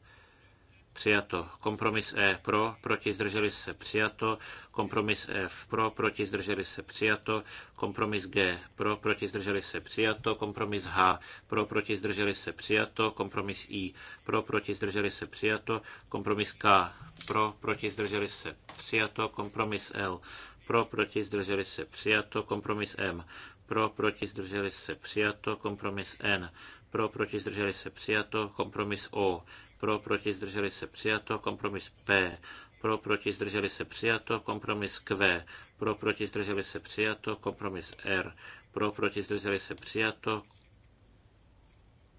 přijato. Kompromis E pro, proti, zdrželi se, přijato. Kompromis F pro, proti, zdrželi se, přijato. Kompromis G pro, proti, zdrželi se, přijato. Kompromis H pro, proti, zdrželi se, přijato. Kompromis I pro, proti, zdrželi se, přijato. Kompromis K pro, proti, zdrželi se, přijato. Kompromis L pro, proti, zdrželi se, přijato, kompromis M, pro, proti, zdrželi se, přijato, kompromis N, pro, proti, zdrželi se, přijato, kompromis O, pro, proti, zdrželi se, přijato, kompromis P, pro, proti, zdrželi se, přijato, kompromis Q, pro, proti, zdrželi se, přijato, kompromis R, pro, proti, zdrželi se, přijato,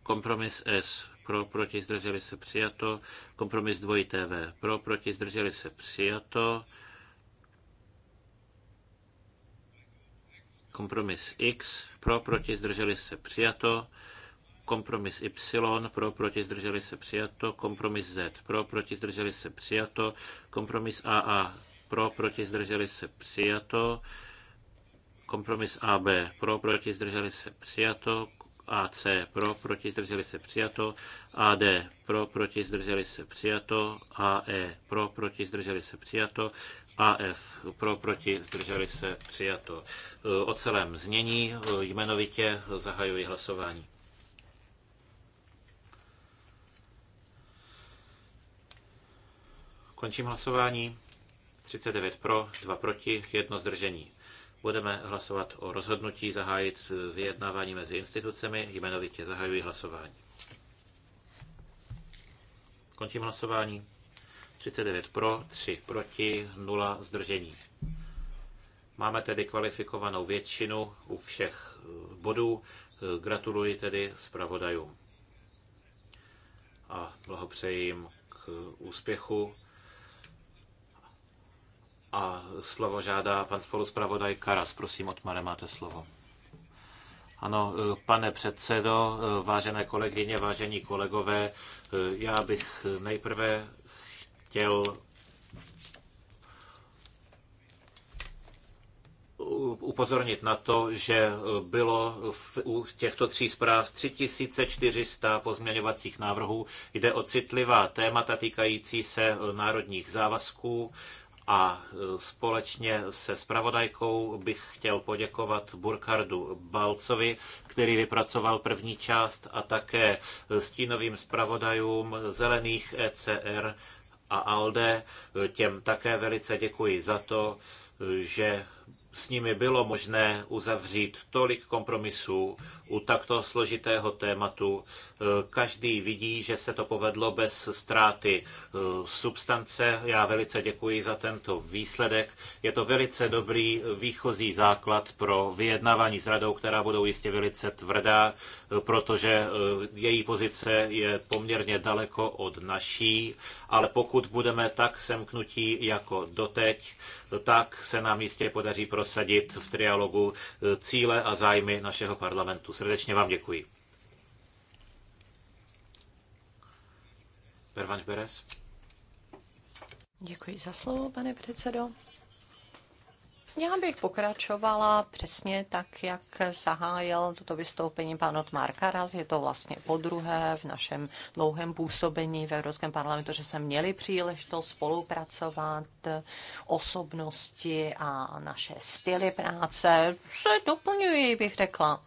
kompromis S, pro, proti, zdrželi se, přijato, kompromis dvojité V, pro, proti, zdrželi se, přijato, Kompromis X pro, proti, zdrželi se přijato. Kompromis Y pro, proti, zdrželi se přijato. Kompromis Z pro, proti, zdrželi se přijato. Kompromis AA pro, proti, zdrželi se přijato. Kompromis AB pro, proti, zdrželi se přijato. AC pro, proti, zdrželi se přijato, AD pro, proti, zdrželi se přijato, AE pro, proti, zdrželi se přijato, AF pro, proti, zdrželi se, přijato. E, o celém znění e, jmenovitě zahajuji hlasování. Končím hlasování. 39 pro, 2 proti, 1 zdržení. Budeme hlasovat o rozhodnutí zahájit vyjednávání mezi institucemi, jmenovitě zahajuji hlasování. Končím hlasování. 39 pro, 3 proti, 0 zdržení. Máme tedy kvalifikovanou většinu u všech eh, bodů. Eh, gratuluji tedy zpravodajům a blahopřeji jim k úspěchu. A slovo žádá pan spoluzpravodaj Karas. Prosím, Otmare, máte slovo. Ano, eh, pane předsedo, vážené kolegyně, vážení kolegové, já bych nejprve chtěl upozornit na to, že bylo v, u těchto tří zpráv 3400 pozměňovacích návrhů. Jde o citlivá témata týkající se národních závazků a e, společně se spravodajkou bych chtěl poděkovat Burkardu Balcovi, který vypracoval první část a také stínovým spravodajům zelených ECR, a ALDE. Těm také velice děkuji za to, že s nimi bylo možné uzavřít tolik kompromisů u takto složitého tématu. E, každý vidí, že se to povedlo bez ztráty e, substance. Já velice děkuji za tento výsledek. Je to velice dobrý výchozí základ pro vyjednávání s radou, která budou jistě velice tvrdá, e, protože její pozice je poměrně daleko od naší, ale pokud budeme tak semknutí jako doteď, tak se nám jistě podaří pro prosadit v trialogu eh, cíle a zájmy našeho parlamentu. Srdečně vám děkuji. Pervanš Beres. Děkuji za slovo, pane předsedo. Já bych pokračovala přesně tak, jak zahájil toto vystoupení pan Otmar Karas. Je to vlastně podruhé v našem dlouhém působení v Evropském parlamentu, že jsme měli příležitost spolupracovat osobnosti a naše styly práce se doplňují, bych řekla.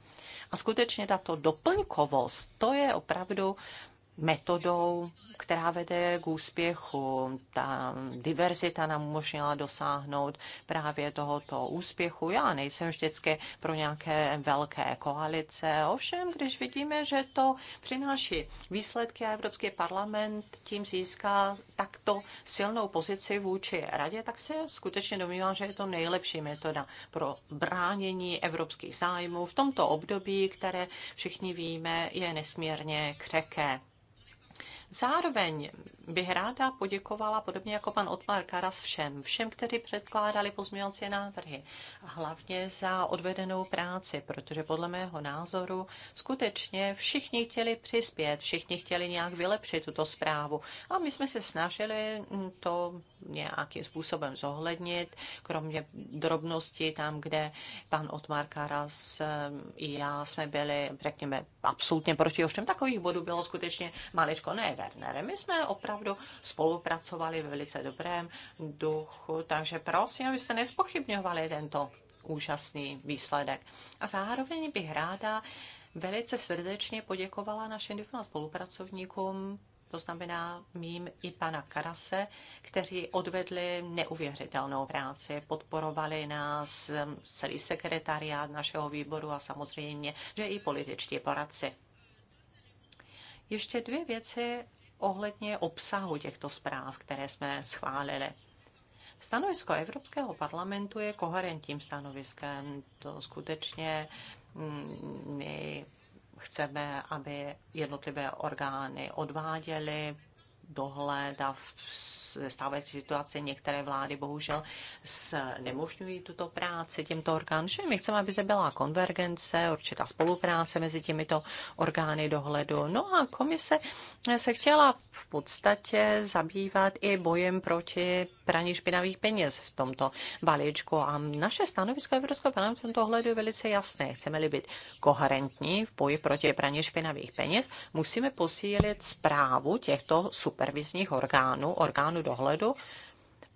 A skutečně tato doplňkovost, to je opravdu metodou, která vede k úspěchu. Ta diverzita nám umožnila dosáhnout právě tohoto úspěchu. Já nejsem vždycky pro nějaké velké koalice, ovšem, když vidíme, že to přináší výsledky a Evropský parlament tím získá takto silnou pozici vůči radě, tak se skutečně domnívám, že je to nejlepší metoda pro bránění evropských zájmů v tomto období, které všichni víme, je nesmírně křehké. Zároveň bych ráda poděkovala, podobně jako pan Otmar Karas, všem, všem, kteří předkládali pozměňovací návrhy a hlavně za odvedenou práci, protože podle mého názoru skutečně všichni chtěli přispět, všichni chtěli nějak vylepšit tuto zprávu a my jsme se snažili to nějakým způsobem zohlednit, kromě drobnosti tam, kde pan Otmar Karas eh, i já jsme byli, řekněme, absolutně proti, ovšem takových bodů bylo skutečně maličko, ne Wernerem. My jsme opravdu spolupracovali ve velice dobrém duchu, takže prosím, abyste nespochybňovali tento úžasný výsledek. A zároveň bych ráda velice srdečně poděkovala našim dvěma spolupracovníkům, to znamená mým i pana Karase, kteří odvedli neuvěřitelnou práci, podporovali nás, um, celý sekretariát našeho výboru a samozřejmě, že i političtí poradci. Ještě dvě věci ohledně obsahu těchto zpráv, které jsme schválili. Stanovisko Evropského parlamentu je koherentním stanoviskem. To skutečně mm, my chceme, aby jednotlivé orgány odváděly dohled a ve stávající situaci některé vlády bohužel nemožňují tuto práci těmto orgánům. Že my chceme, aby zde byla konvergence, určitá spolupráce mezi těmito orgány dohledu. No a komise se chtěla v podstatě zabývat i bojem proti praní špinavých peněz v tomto balíčku. A naše stanovisko Evropského parlamentu v tomto ohledu je velice jasné. Chceme-li být koherentní v boji proti praní špinavých peněz, musíme posílit zprávu těchto subjektů supervizních orgánů, orgánů dohledu,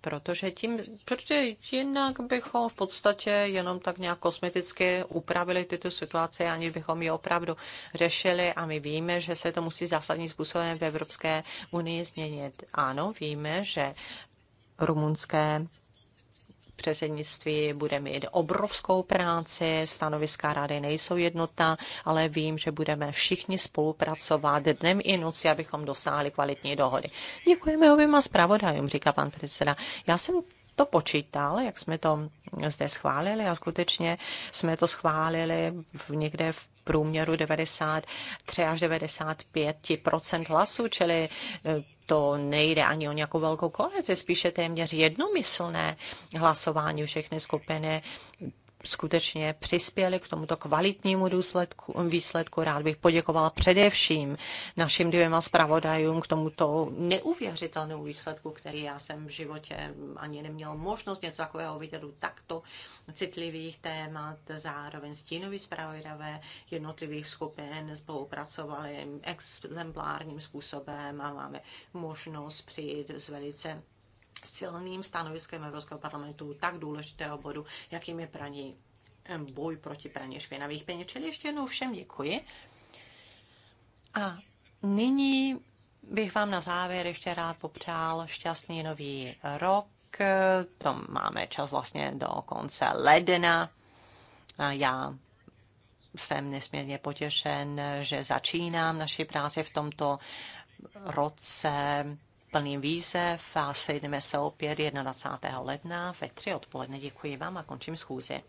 protože tím, protože jinak bychom v podstatě jenom tak nějak kosmeticky upravili tyto situace, ani bychom je opravdu řešili a my víme, že se to musí zásadním způsobem v Evropské unii změnit. Ano, víme, že rumunské předsednictví bude mít obrovskou práci, stanoviska rady nejsou jednota, ale vím, že budeme všichni spolupracovat dnem i noci, abychom dosáhli kvalitní dohody. Děkujeme oběma zpravodajům, říká pan předseda. Já jsem to počítal, jak jsme to zde schválili a skutečně jsme to schválili v někde v průměru 93 až 95 hlasů, čili to nejde ani o nějakou velkou koalici, spíše téměř jednomyslné hlasování všechny skupiny skutečně přispěli k tomuto kvalitnímu důsledku, výsledku. Rád bych poděkovala především našim dvěma zpravodajům k tomuto neuvěřitelnému výsledku, který já jsem v životě ani neměl možnost něco takového vidět u takto citlivých témat. Zároveň stínoví zpravodajové jednotlivých skupin spolupracovali exemplárním způsobem a máme možnost přijít s velice silným stanoviskem Evropského parlamentu tak důležitého bodu, jakým je praní, boj proti praní špinavých peněz. Čili ještě jednou všem děkuji. A nyní bych vám na závěr ještě rád popřál šťastný nový rok. To máme čas vlastně do konce ledna. A já jsem nesmírně potěšen, že začínám naši práci v tomto roce plným výzev a sejdeme se opět 21. ledna ve 3 odpoledne. Děkuji vám a končím schůzi.